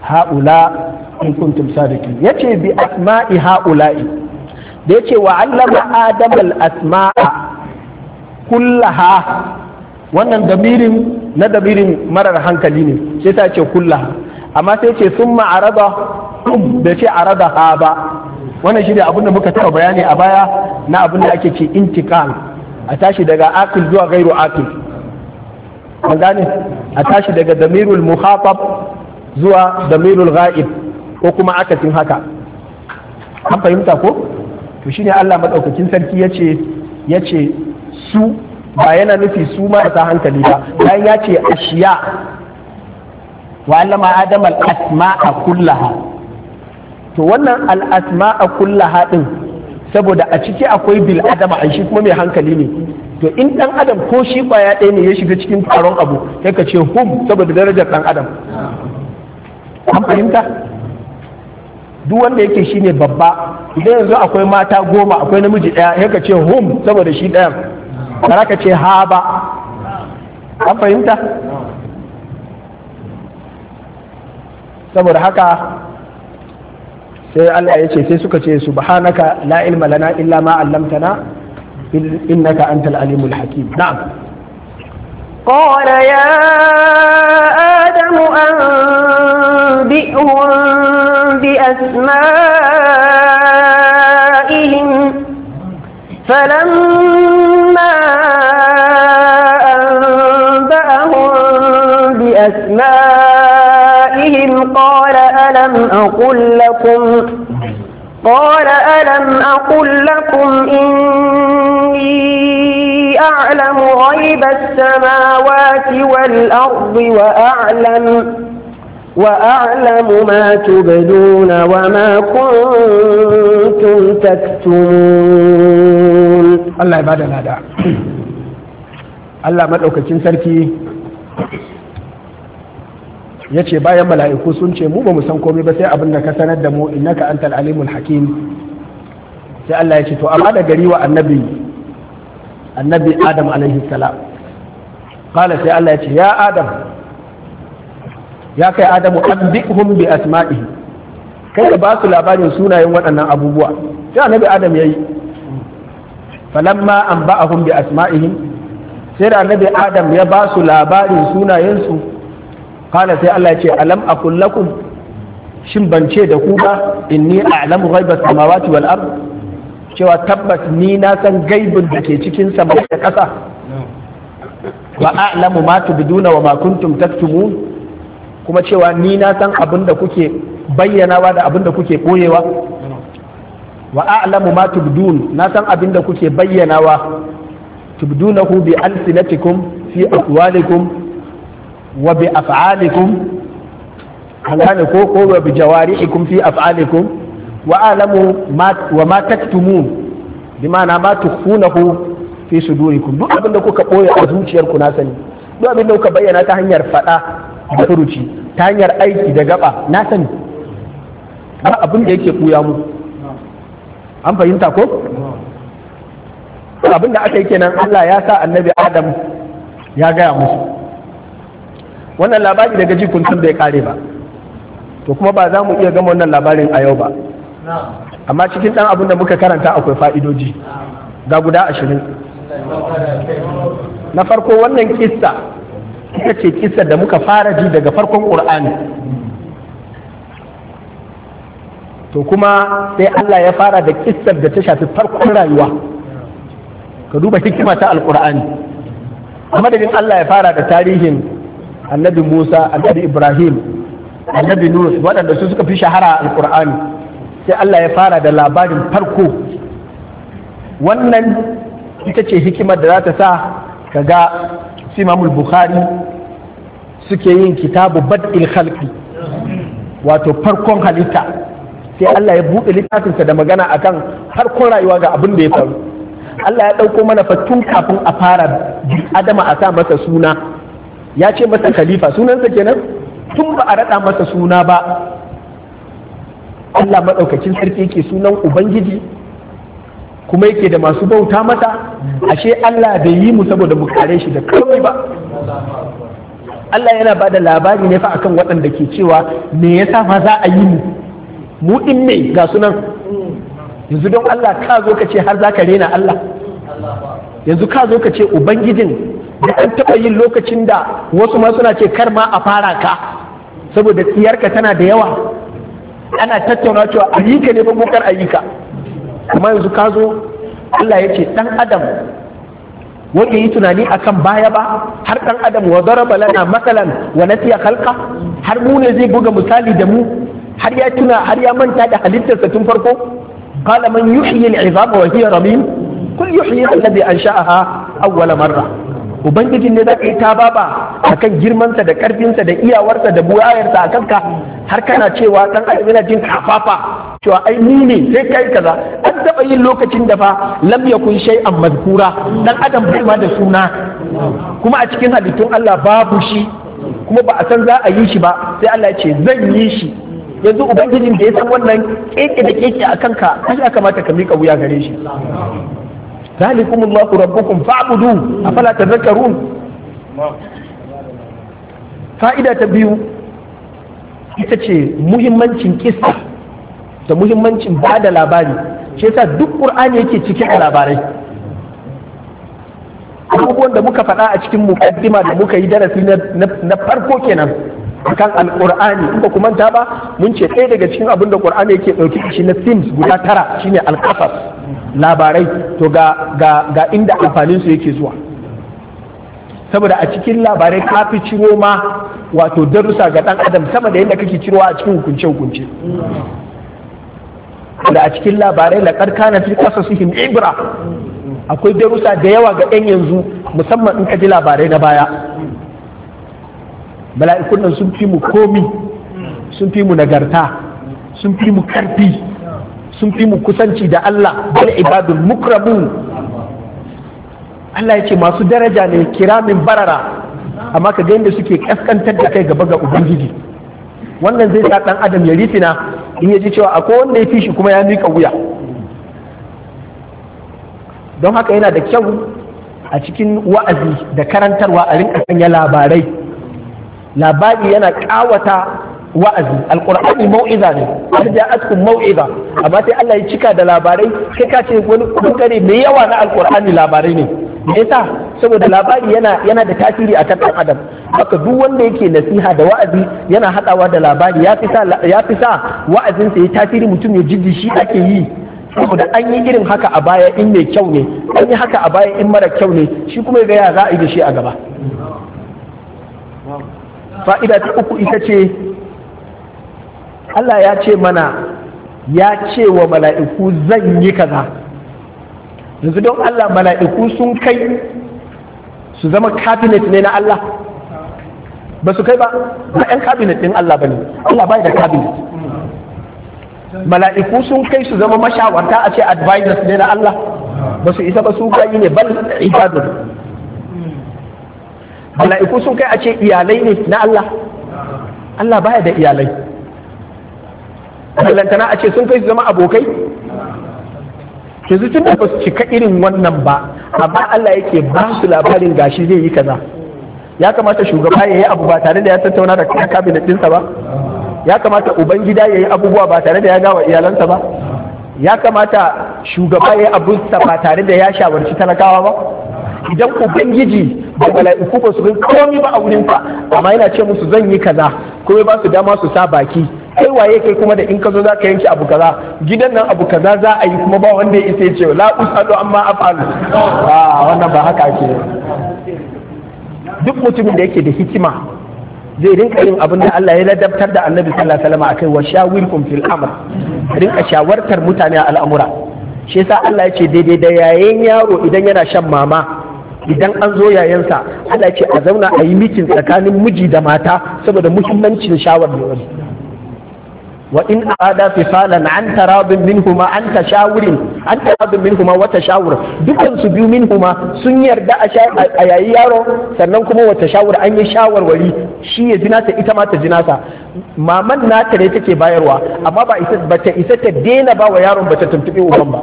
haula in kuntum sadiqin yace bi asma'i ha'ula'i da yace wa allama adam al asma'a kullaha wannan damirin na damirin marar hankali ne sai ta ce kullaha amma sai ce sun ma'arada da ce arada ha ba wannan shi ne abinda da muka taɓa bayani a baya na abinda ake ce intikal a tashi daga akil zuwa gairu akil an gane a tashi daga damirul muhatab zuwa damirul ghaib ko kuma akasin haka an fahimta ko to shine Allah madaukakin sarki yace yace su ba yana nufi su marasa hankali ba bayan ya ce ashiya wa allama adam al a kullaha to wannan al a kullaha din saboda a ciki akwai bil adam an shi kuma mai hankali ne to in dan adam ko shi kwaya ɗaya ne ya shiga cikin taron abu sai ka ce hum saboda darajar dan adam an fahimta duk wanda yake shine babba idan yanzu akwai mata goma akwai namiji ɗaya sai ka ce hum saboda shi ɗayan ba ka ce ha ba an fahimta saboda haka sai Allah ya ce sai suka ce subhanaka la ilma lana illa ma 'allamtana innaka antal alimul hakim na'am قال يا آدم أنبئهم بأسمائهم فلما ما أنبأهم بأسمائهم قال ألم أقل لكم قال ألم أقل لكم إني أعلم غيب السماوات والأرض وأعلم وأعلم ما تبدون وما كنتم تكتمون الله يبعد هذا Allah maɗaukacin sarki ya ce bayan mala'iku sun ce mu ba mu san komai ba sai abin da ka sanar da mu innaka antal alimul hakim sai Allah ya ce to amma da gari wa annabi annabi Adam alaihi salam qala sai Allah ya ce ya Adam ya kai adamu an bi asma'ihi kai ka ba su labarin sunayen waɗannan abubuwa sai annabi adam yayi falamma anba'ahum bi asma'ihim sai da annabi adam ya ba su labarin sunayensu hala sai Allah ya ce alam a lakum shin ban ce da ku ba a a'lamu ghaibas samawati wal ard cewa tabbas ni na san gaibin da ke cikin sama da ƙasa wa a'lamu ma tubduna wa ma kuntum taktumun kuma cewa ni na san abin da kuke bayyanawa da abin da kuke ɓoyewa wa a'lamu ma tubdun na san abin da kuke bayyanawa tubdunahu bi alsinatikum fi aqwalikum wa bi af'alikum an ko ko wa bi jawarihikum fi af'alikum wa a'lamu ma wa ma taktumun bi ma'ana ma tukhunahu fi sudurikum duk abin da kuka ɓoye a zuciyarku na sani duk abin da kuka bayyana ta hanyar faɗa da furuci ta hanyar aiki da gaba na sani ba abin da yake buya mu an fahimta ko abin da aka yi kenan Allah ya sa annabi Adam ya gaya musu wannan labari daga jikun tun bai kare ba to kuma ba za mu iya gama wannan labarin a yau ba amma cikin ɗan abin da muka karanta akwai fa'idoji ga guda ashirin na farko wannan kista ita ce kisar da muka fara ji daga farkon ƙur'ani to kuma sai Allah ya fara da kisar da ta shafi farkon rayuwa ka duba hikima ta alƙur'ani a madadin Allah ya fara da tarihin annabi Musa annabi Ibrahim annabi Nuh waɗanda su suka fi shahara alƙur'ani sai Allah ya fara da labarin farko wannan ita ce hikimar da za ta sa ka ga su imamul bukhari suke yin kitabu bad'il khalqi wato farkon halitta sai Allah ya buɗe littafinsa da magana akan harkon rayuwa ga abin da ya faru Allah ya ɗauko mana fattun kafin a fara adama a sa masa suna ya ce masa khalifa sunansa kenan tun ba a raɗa masa suna ba Allah maɗaukacin sarki yake sunan ubangiji kuma yake da masu bauta mata ashe Allah bai yi mu saboda mu kare shi da kawai ba Allah yana ba da labari ne fa akan waɗanda ke cewa me yasa fa za a yi mu mu din ne ga sunan yanzu don Allah ka zo ka ce har za ka rena Allah yanzu ka zo ka ce ubangijin da an taɓa yin lokacin da wasu ma suna ce kar ma a fara ka saboda tsiyarka tana da yawa ana tattauna cewa ayyuka ne ba yi ayyuka kuma yanzu ka zo Allah ya ce ɗan adam wanda yi tunani akan baya ba har ɗan adam wa daraba lana matsalan wa nasiya halka har mu ne zai buga misali da mu har ya tuna har ya manta da halittarsa tun farko qala man yuhyi al-'idama wa hiya ramim kul yuhyi alladhi ansha'aha awwala marra ubangijin ne ka yi ta baba akan girmansa da karfinsa da iyawarsa da buwayarsa a kanka har kana cewa dan adam yana jin kafafa cewa ai ni ne sai kai kaza an taba yin lokacin da fa lam yakun shay'an mazkura dan adam bai ma da suna kuma a cikin halittun Allah babu shi kuma ba a san za a yi shi ba sai Allah ya ce zan yi shi yanzu ubangijin da ya san wannan keke da keke akan ka kashi kamata ka mika wuya gare shi ذلكم الله ربكم فاعبدوه أفلا تذكرون فائدة تبيو ita ce muhimmancin kisa da muhimmancin ba da labari shi yasa duk ƙur'ani yake cikin labarai abubuwan da muka faɗa a cikin mukaddima da muka yi darasi na farko kenan akan alqur'ani in ba ku manta ba mun ce ɗaya daga cikin abin da qur'ani yake ɗauki shi na sims guda tara shine alqasas labarai to ga inda amfanin su yake zuwa saboda a cikin labarai ka fi ciro ma wato darussa ga ɗan adam sama da yadda kake cirowa a cikin hukunce hukunce da a cikin labarai laƙar kana fi qasasihim ibra akwai darussa da yawa ga 'yan yanzu musamman in ka ji labarai na baya mala'ikun nan sun fi mu komi sun fi mu nagarta sun fi mu karfi sun fi mu kusanci da Allah bal ibadul mukrabu Allah ya ce masu daraja ne kiramin barara amma ka gani da suke kaskantar da kai gaba ga ubangiji wannan zai sa dan adam ya rifina in ya ji cewa akwai wanda ya fi shi kuma ya mika wuya don haka yana da kyau a cikin wa'azi da karantarwa a rinka sanya labarai labari yana kawata wa'azi alqur'ani mau'iza ne har ja mau'iza amma sai Allah ya cika da labarai kai ka ce wani bangare mai yawa na alqur'ani labarai ne me yasa saboda labari yana yana da tasiri a kan adam haka duk wanda yake nasiha da wa'azi yana hadawa da labari ya fi sa ya fi sa wa'azin sa ya tasiri mutum ya jiji shi ake yi saboda an yi irin haka a baya in mai kyau ne an yi haka a baya in mara kyau ne shi kuma ga ya za a yi da shi a gaba fa'ida ta uku ita ce Allah ya ce mana ya ce wa mala'iku zan yi kaza yanzu don Allah mala'iku sun kai su zama cabinet ne na Allah ba su kai ba ba 'yan cabinet ɗin Allah ba ne Allah bai da cabinet mala'iku sun kai su zama mashawarta a ce advisors ne na Allah ba su isa ba su gani ne ba ibadun mala'iku sun kai a ce iyalai ne na Allah Allah baya da iyalai ballantana a ce sun kai su zama abokai yanzu tun da ba su cika irin wannan ba amma Allah yake ba su labarin gashi zai yi kaza ya kamata shugaba ya yi abu ba tare da ya tattauna da kabinet ɗinsa ba ya kamata ubangida ya yi abubuwa ba tare da ya gawa iyalansa ba ya kamata shugaba ya yi abu ba tare da ya shawarci talakawa ba idan ubangiji da bala'iku ba su bin komai ba a wurin ka amma yana ce musu zan yi kaza kuma ba su dama su sa baki kai waye kai kuma da in ka zo za ka yanke abu kaza gidan nan abu kaza za a yi kuma ba wanda ya isa ya ce la usalu amma afalu a ah, wannan ba haka ke duk mutumin da yake da hikima zai rinka yin abin da Allah ya ladabtar da Annabi sallallahu alaihi wasallam akai wa shawirkum fil amr rinka shawartar mutane a al'amura shi yasa Allah ya ce daidai da yayin yaro idan yana shan mama idan an zo yayansa ana ce a zauna a yi mikin tsakanin miji da mata saboda muhimmancin shawarwari wa in arada fisalan an tarabin minhuma an tashawurin an tarabin minhuma wata tashawur dukkan su biyu minhuma sun yarda a yayi yaro sannan kuma wata tashawur an yi shawarwari shi ya jinata ita ma ta maman nata ne take bayarwa amma ba ta isa ta dena ba wa yaron ba ta tuntuɓe uban ba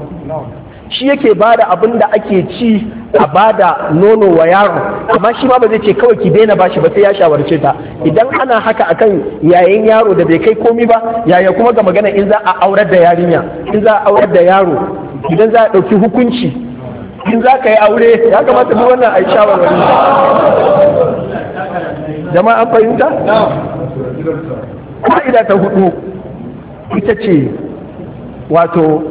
shi yake bada abin da ake ci a bada nono wa yaro amma shi ma ba zai ce kawai ki daina bashi ba sai ya shawarce ta idan ana haka akan yayin yaro da bai kai komi ba yaya kuma ga magana in za a aurar da yarinya in za a aurar da yaro idan za a ɗauki hukunci in za ka yi aure ya kamata mu wannan a yi shawarwari jama'a an fahimta ka'ida ta hudu ita ce wato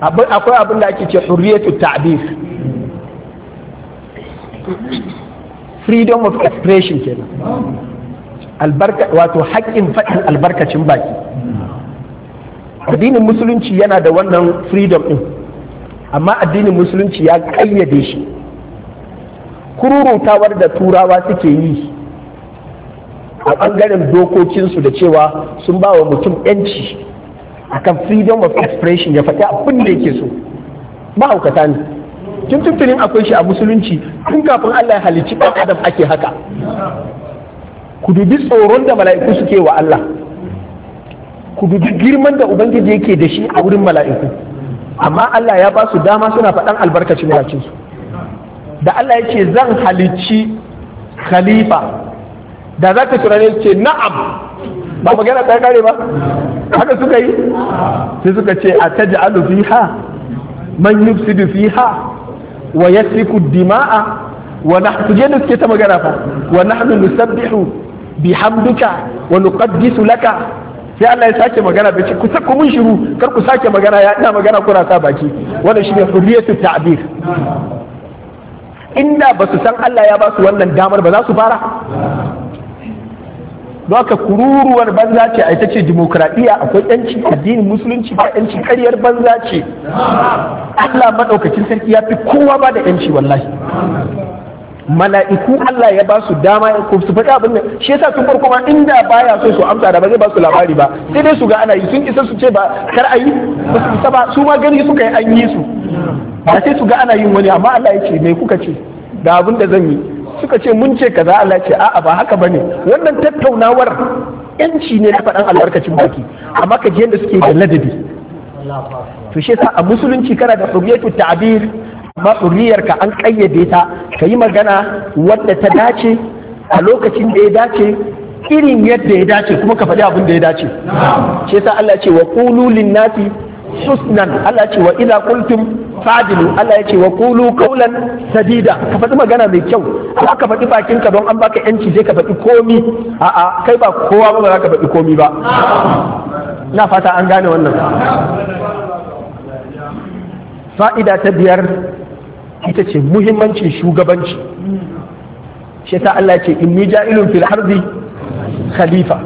akwai abin da ake ce hurriyatu ta'bir freedom of expression kenan albarka wato haƙƙin faɗin albarkacin baki addinin musulunci yana da wannan freedom ɗin amma addinin musulunci ya ƙayyade shi kururutawar da turawa suke yi a ɓangaren dokokinsu da cewa sun ba wa mutum 'yanci akan freedom of expression ya faɗi abin da yake so ba ne tun tuntunin akwai shi a musulunci tun kafin Allah ya halicci ɗan adam ake haka ku dubi tsoron da mala'iku suke wa Allah ku dubi girman da ubangiji yake da shi a wurin mala'iku amma Allah ya ba su dama suna faɗan albarkacin bakin su da Allah ya ce zan halicci khalifa da za ka tunane ce na'am ba magana ta kare ba haka suka yi sai suka ce a taj'alu fiha man yufsidu fiha wa yasfiku dima'a wa nahnu jenu suke ta magana fa wa nahnu nusabbihu bihamdika wa nuqaddisu laka sai Allah ya sake magana bai ku sako mun shiru kar ku sake magana ya ina magana kuna sa baki wannan shine hurriyatu ta'bir inda ba su san Allah ya ba su wannan damar ba za su fara don haka kururuwar banza ce a ita ce dimokuraɗiyya akwai yanci addini musulunci ba yanci karyar banza ce Allah maɗaukacin sarki ya fi kowa ba da yanci wallahi mala'iku Allah ya ba su dama ko su faɗi abin nan shi yasa sun farko ma inda baya so su amsa da ba zai ba su labari ba sai dai su ga ana yi sun isa su ce ba kar a yi ba su isa ba su ma gani suka yi an yi su ba sai su ga ana yin wani amma Allah ya ce me kuka ce da abin da zan yi suka ce mun ce kaza Allah ce a'a ba haka bane wannan tattaunawar yanci ne na faɗan albarkacin baki amma ka ji yadda suke da ladabi to shi yasa a musulunci kana da hurriyatu ta'bir amma hurriyar ka an kayyade ta ka yi magana wanda ta dace a lokacin da ya dace irin yadda ya dace kuma ka faɗi abin da ya dace shi yasa Allah ce wa qulu lin-nasi husnan Allah ce wa Ila qultum fadilu Allah ya ce wa qulu qawlan sadida ka faɗi magana mai kyau ba ka faɗi bakin ka don an baka yanci sai ka faɗi komi a'a kai ba kowa ba za ka faɗi komi ba na fata an gane wannan fa'ida ta biyar ita ce muhimmancin shugabanci shi ta Allah ce inni ja'ilun fil ardi khalifa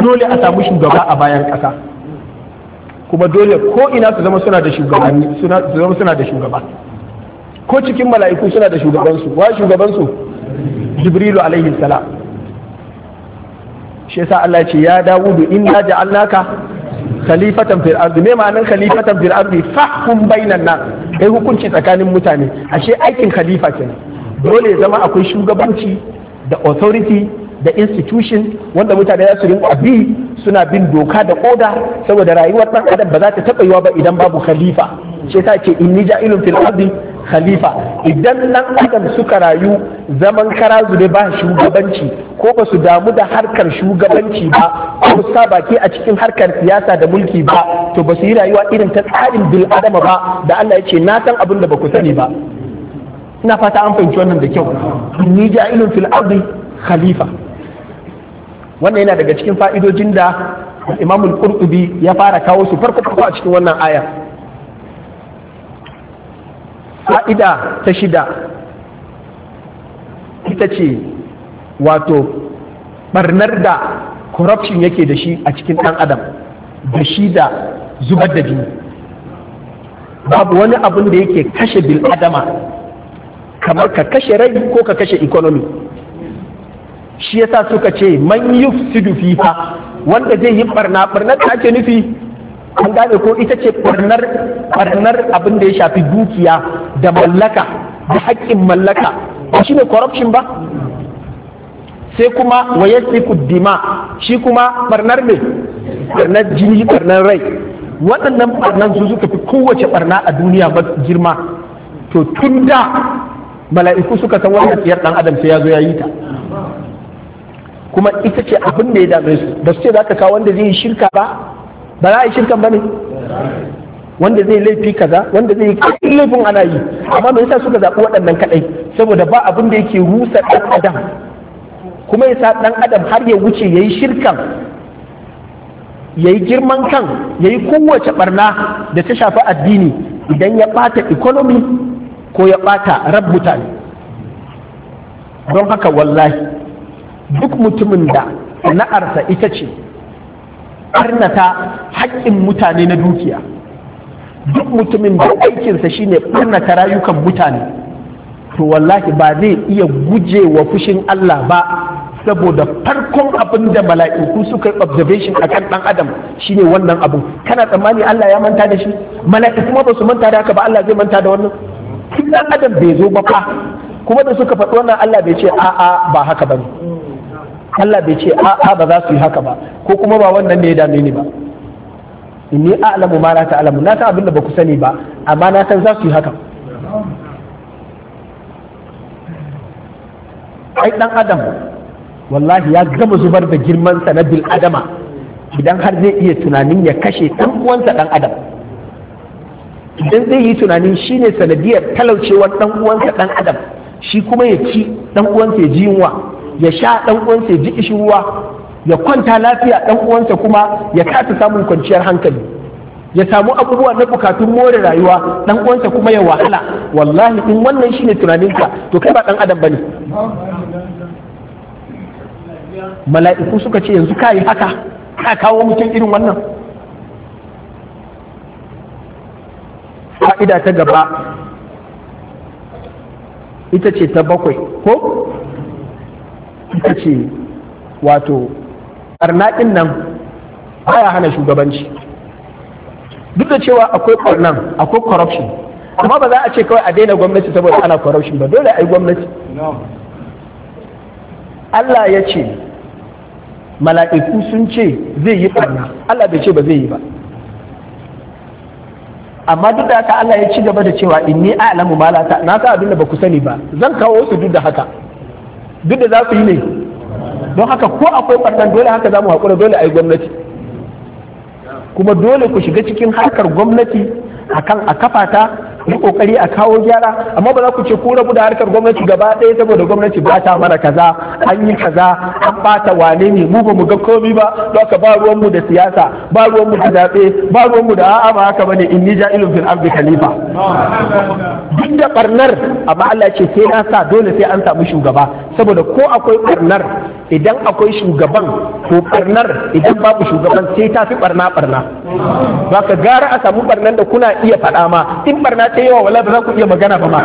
dole a samu shugaba a bayan ƙasa kuma dole ko ina su zama suna da shugabanni su zama suna da shugaba ko cikin mala'iku suna da shugabansu wa shugabansu jibrilu alaihi sala shi yasa Allah ce ya dawudu inna ja'alnaka khalifatan fil ardi me ma'anar khalifatan fil ardi fahkum bainan nas kai hukunci tsakanin mutane ashe aikin khalifa kenan dole ya zama akwai shugabanci da authority da institution wanda mutane za su rinka bi suna bin doka da koda saboda rayuwar ɗan adam ba za ta taba yiwa ba idan babu khalifa shi yasa ce inni ja'ilun fil ardi khalifa idan ɗan adam suka rayu zaman kara zube ba shugabanci ko ba su damu da harkar shugabanci ba ko sa baki a cikin harkar siyasa da mulki ba to ba su yi rayuwa irin ta tsarin bil adama ba da Allah ya ce na san abin da ba ku sani ba ina fata an fahimci wannan da kyau inni ja'ilun fil ardi khalifa wannan yana daga cikin fa'idojin da imamul qurtubi ya fara kawo su farko farko a cikin wannan aya fa'ida ta shida ita ce wato ɓarnar da corruption yake da shi a cikin ɗan adam da shi da zubar da jini babu wani abin da yake kashe bil'adama kamar ka kashe rai ko ka kashe economy shi yasa suka ce man yufsidu fiha wanda zai yi barna barna ta ake nufi an gane ko ita ce barnar barnar abin da ya shafi dukiya da mallaka da haƙƙin mallaka ba ne corruption ba sai kuma wa dima shi kuma barnar ne barnar jini barnar rai waɗannan barnan su suka fi kowace barna a duniya ba girma to tun da mala'iku suka san wannan tsiyar dan adam sai ya zo ya yi ta kuma ita ce abin da ya dame su ba su ce za ka kawo wanda zai yi shirka ba ba za a yi shirkan ba ne wanda zai laifi kaza wanda zai yi laifin ana yi amma me yasa suka zaɓi waɗannan kaɗai saboda ba abin da yake rusa ɗan adam kuma yasa ɗan adam har ya wuce ya yi shirkan ya yi girman kan ya yi kowace barna da ta shafi addini idan ya ɓata economy ko ya ɓata rab mutane don haka wallahi duk mutumin da sana'arsa ita ce ɓarnata haƙƙin mutane na dukiya duk mutumin da aikinsa shine ɓarnata rayukan mutane to wallahi ba zai iya guje wa fushin Allah ba saboda farkon abin da mala'iku suka yi observation a kan ɗan adam shine wannan abu kana tsammani Allah ya manta da shi mala'iku kuma ba su manta da haka ba Allah zai manta da wannan duk ɗan adam bai zo ba fa kuma da suka faɗi wannan Allah bai ce a'a ba haka ba ne Allah bai ce a ba za su yi haka ba ko kuma ba wannan ne ya dame ni ba inni a'lamu ma la ta'lamu na ta abin da ku sani ba amma na san za su yi haka ai dan adam wallahi ya gama zubar da girman sa na bil adama idan har zai iya tunanin ya kashe dan uwansa dan adam idan zai yi tunanin shine sanadiyar talaucewar dan uwansa dan adam shi kuma ya ci dan uwansa ya ji yunwa ya sha dan uwansa ya ji kishi ruwa ya kwanta lafiya dan uwansa kuma ya kasa samun kwanciyar hankali ya samu abubuwa na bukatun more rayuwa dan uwansa kuma ya wahala wallahi in wannan shine tunaninka to kai ba ɗan adam bane mala'iku suka ce yanzu kayi haka ka kawo mutum irin wannan fa'ida ta gaba ita ce ta bakwai ko ita ce wato ƙarnaƙin nan baya hana shugabanci duk da cewa akwai ƙarnan akwai corruption amma ba za a ce kawai a daina gwamnati saboda ana corruption ba dole a yi gwamnati Allah ya ce mala'iku sun ce zai yi ɓarna Allah bai ce ba zai yi ba amma duk da haka Allah ya ci gaba da cewa inni a'lamu ma la ta na sa abinda ba ku sani ba zan kawo su duk da haka duk da za su yi ne don haka ko akwai ɓarnar dole haka za mu haƙura dole a yi gwamnati kuma dole ku shiga cikin harkar gwamnati akan a kafa ta yi ƙoƙari a kawo gyara amma ba za ku ce ku rabu da harkar gwamnati gaba ɗaya saboda gwamnati ba ta mara kaza an yi kaza an ta wane ne mu ba mu ga komi ba don ka ba ruwan da siyasa ba ruwan mu da zaɓe ba ruwan da a'a ba haka bane nija ja'ilun fil abdi khalifa duk da barnar amma Allah ce sai na sa dole sai an samu shugaba saboda ko akwai barnar idan akwai shugaban ko barnar idan babu shugaban sai ta fi barna barna ba ka gara a samu barnar da kuna iya faɗa ma in barna ta yawa wala ba za ku iya magana ba ma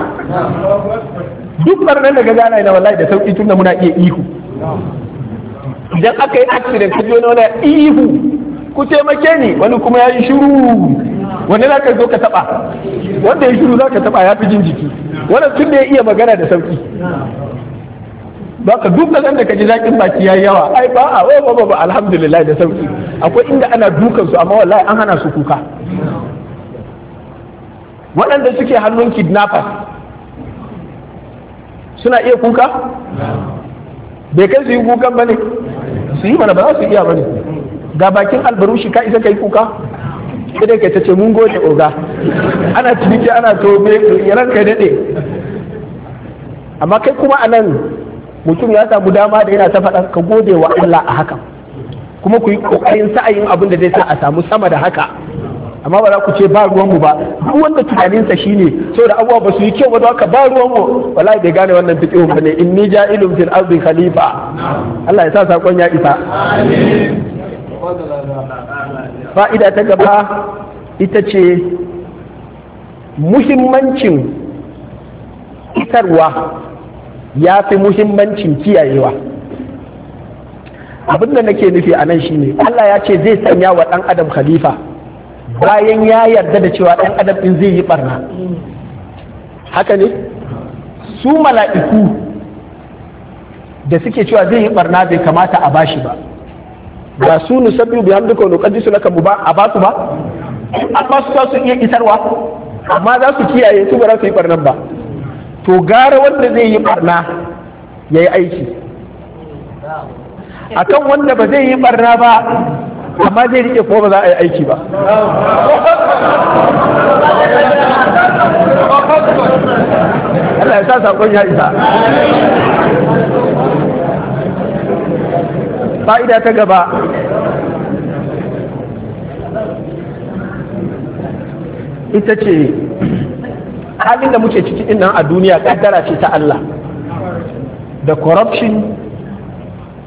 duk barnar da gagana na wallahi da sauki tunda muna iya ihu idan aka yi accident ka je na ihu ku taimake ni wani kuma ya yi shiru wani za ka zo ka taba wanda ya shiru za ka taba ya fi jin jiki wani tun da ya iya magana da sauki ka duk da da kaji zaƙin baki yayi yawa ai ba a wai ba ba alhamdulillah da sauki akwai inda ana dukan su amma wallahi an hana su kuka waɗanda suke hannun kidnappers suna iya kuka bai kai su yi kukan ne su yi mana ba za su iya ba ne ga bakin albarushi ka isa ka yi kuka sai dai kai ta ce mun gode oga ana ciniki ana tobe yaran kai daɗe amma kai kuma a nan mutum ya samu dama da yana ta faɗa ka gode wa Allah a hakan kuma ku yi ƙoƙarin sa'ayin abin da zai sa a samu sama da haka amma ba za ku ce ba ruwan ruwanmu ba duk wanda tunaninsa shine saboda abubuwa ba su yi kyau ba don haka ba ruwanmu wallahi bai gane wannan fiqhu ba ne inni ja'ilun fil ardi khalifa Allah ya sa sakon ya isa fa'ida ta gaba ita ce muhimmancin isarwa ya fi muhimmancin kiyayewa abin da nake nufi a nan shine Allah ya ce zai sanya wa ɗan adam khalifa bayan ya yarda da cewa ɗan adam ɗin zai yi ɓarna haka ne su mala'iku da suke cewa zai yi ɓarna bai kamata a bashi ba ba su nusabbi bi hamdika wa nuqaddisu laka ba a ba ba an ba su iya isarwa amma za su kiyaye su ba za su yi ɓarnan ba to gara wanda zai yi barna ya yi aiki akan wanda ba zai yi barna ba amma zai rike ko ba za a yi aiki ba Allah ya sa saƙon ya isa fa'ida ta gaba ita ce halin da muke ciki nan a duniya kaddara ce ta Allah da corruption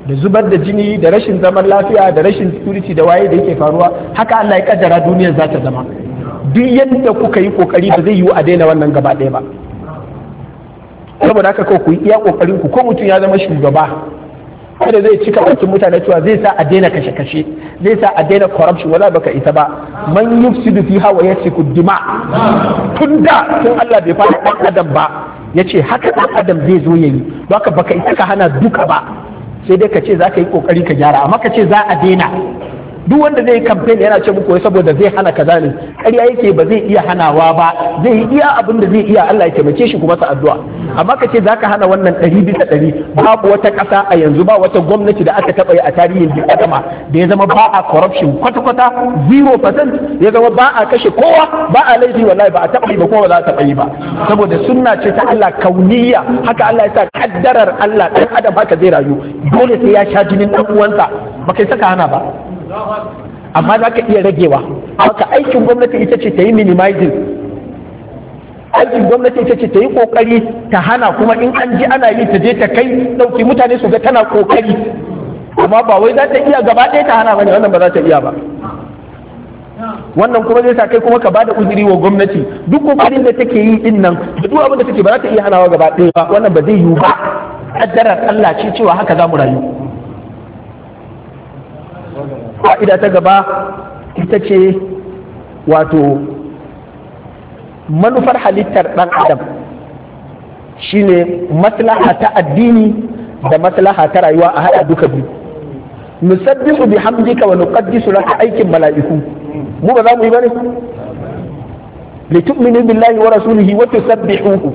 da zubar da jini da rashin zaman lafiya da rashin security da waye da yake faruwa haka Allah ya kaddara duniyar za ta zama duk yadda kuka yi kokari ba zai yiwu a daina wannan gaba ɗaya ba saboda haka ku yi iya kokarin ku ko mutum ya zama shugaba kada zai cika bakin mutane cewa zai sa a daina kashe-kashe zai sa a daina corruption wala baka ita ba man yufsidu fiha wa yasiku dima tun da tun Allah bai fara dan adam ba yace haka dan adam zai zo yayi baka baka ita ka hana duka ba sai dai ka ce za yi kokari ka gyara amma ka ce za a daina duk wanda zai yi kamfen yana ce muku saboda zai hana kaza ne ƙarya yake ba zai iya hanawa ba zai yi iya abin da zai iya Allah ya taimake shi kuma sa addu'a amma ka ce zaka hana wannan ɗari bisa ɗari babu wata ƙasa a yanzu ba wata gwamnati da aka taɓa yi a tarihin duk adama da ya zama ba a corruption kwata-kwata 0% ya zama ba a kashe kowa ba a laifi wallahi ba a taɓa yi ba kuma ba za a taɓa yi ba saboda sunna ce ta Allah kauniyya haka Allah ya sa kaddarar Allah ɗan adam haka zai rayu dole sai ya sha jinin ɗan uwansa ba kai saka hana ba amma za ka iya ragewa haka aikin gwamnati ita ce ta yi minimizing aikin gwamnati ita ce ta yi kokari ta hana kuma in an ji ana yi ta je ta kai dauki mutane su ga tana kokari amma ba wai za ta iya gaba ɗaya ta hana bane wannan ba za ta iya ba wannan kuma zai sa kai kuma ka bada uzuri wa gwamnati duk kokarin da take yi din nan duk abin da take ba za ta iya hanawa gaba ɗaya ba wannan ba zai yiwu ba kaddarar Allah ce cewa haka za mu rayu fa'ida ta gaba ita ce wato manufar halittar ɗan adam shine maslaha ta addini da maslaha ta rayuwa a haɗa duka biyu nusabbihu bihamdika wa nuqaddisu laka aikin mala'iku mu ba za mu yi bane litu'minu billahi wa rasulihi wa tusabbihuhu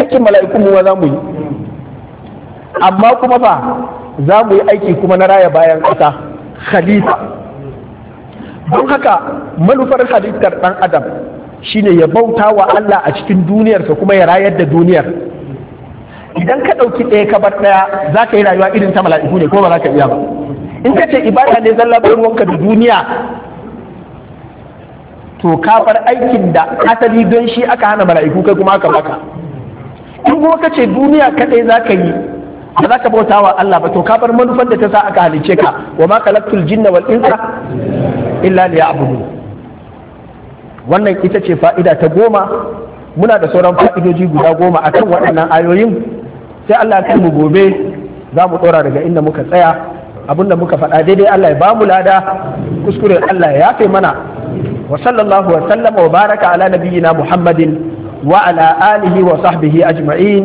aikin mala'iku mu ba za mu yi amma kuma fa za mu yi aiki kuma na raya bayan ƙasa khalifa don haka manufar halittar ɗan adam shine ya bauta wa Allah a cikin duniyar sa kuma ya rayar da duniyar idan ka ɗauki ɗaya ka bar ɗaya za ka yi rayuwa irin ta mala'iku ne ko ba za ka iya ba in ka ce ibada ne zalla bar ruwanka da duniya to ka bar aikin da asali don shi aka hana mala'iku kai kuma aka baka in kuma ka ce duniya kaɗai za ka yi ba za ka bauta wa Allah ba to ka bar manufar da ta sa aka halice ka wa ma khalaqtul jinna wal insa illa liya'budun wannan ita ce fa'ida ta goma muna da sauran fa'idoji guda goma akan waɗannan ayoyin sai Allah ya mu gobe za mu ɗora daga inda muka tsaya abinda muka faɗa daidai Allah ya ba mu lada kuskure Allah ya yafe mana wa sallallahu wa sallama wa baraka ala nabiyyina Muhammadin wa ala alihi wa sahbihi ajma'in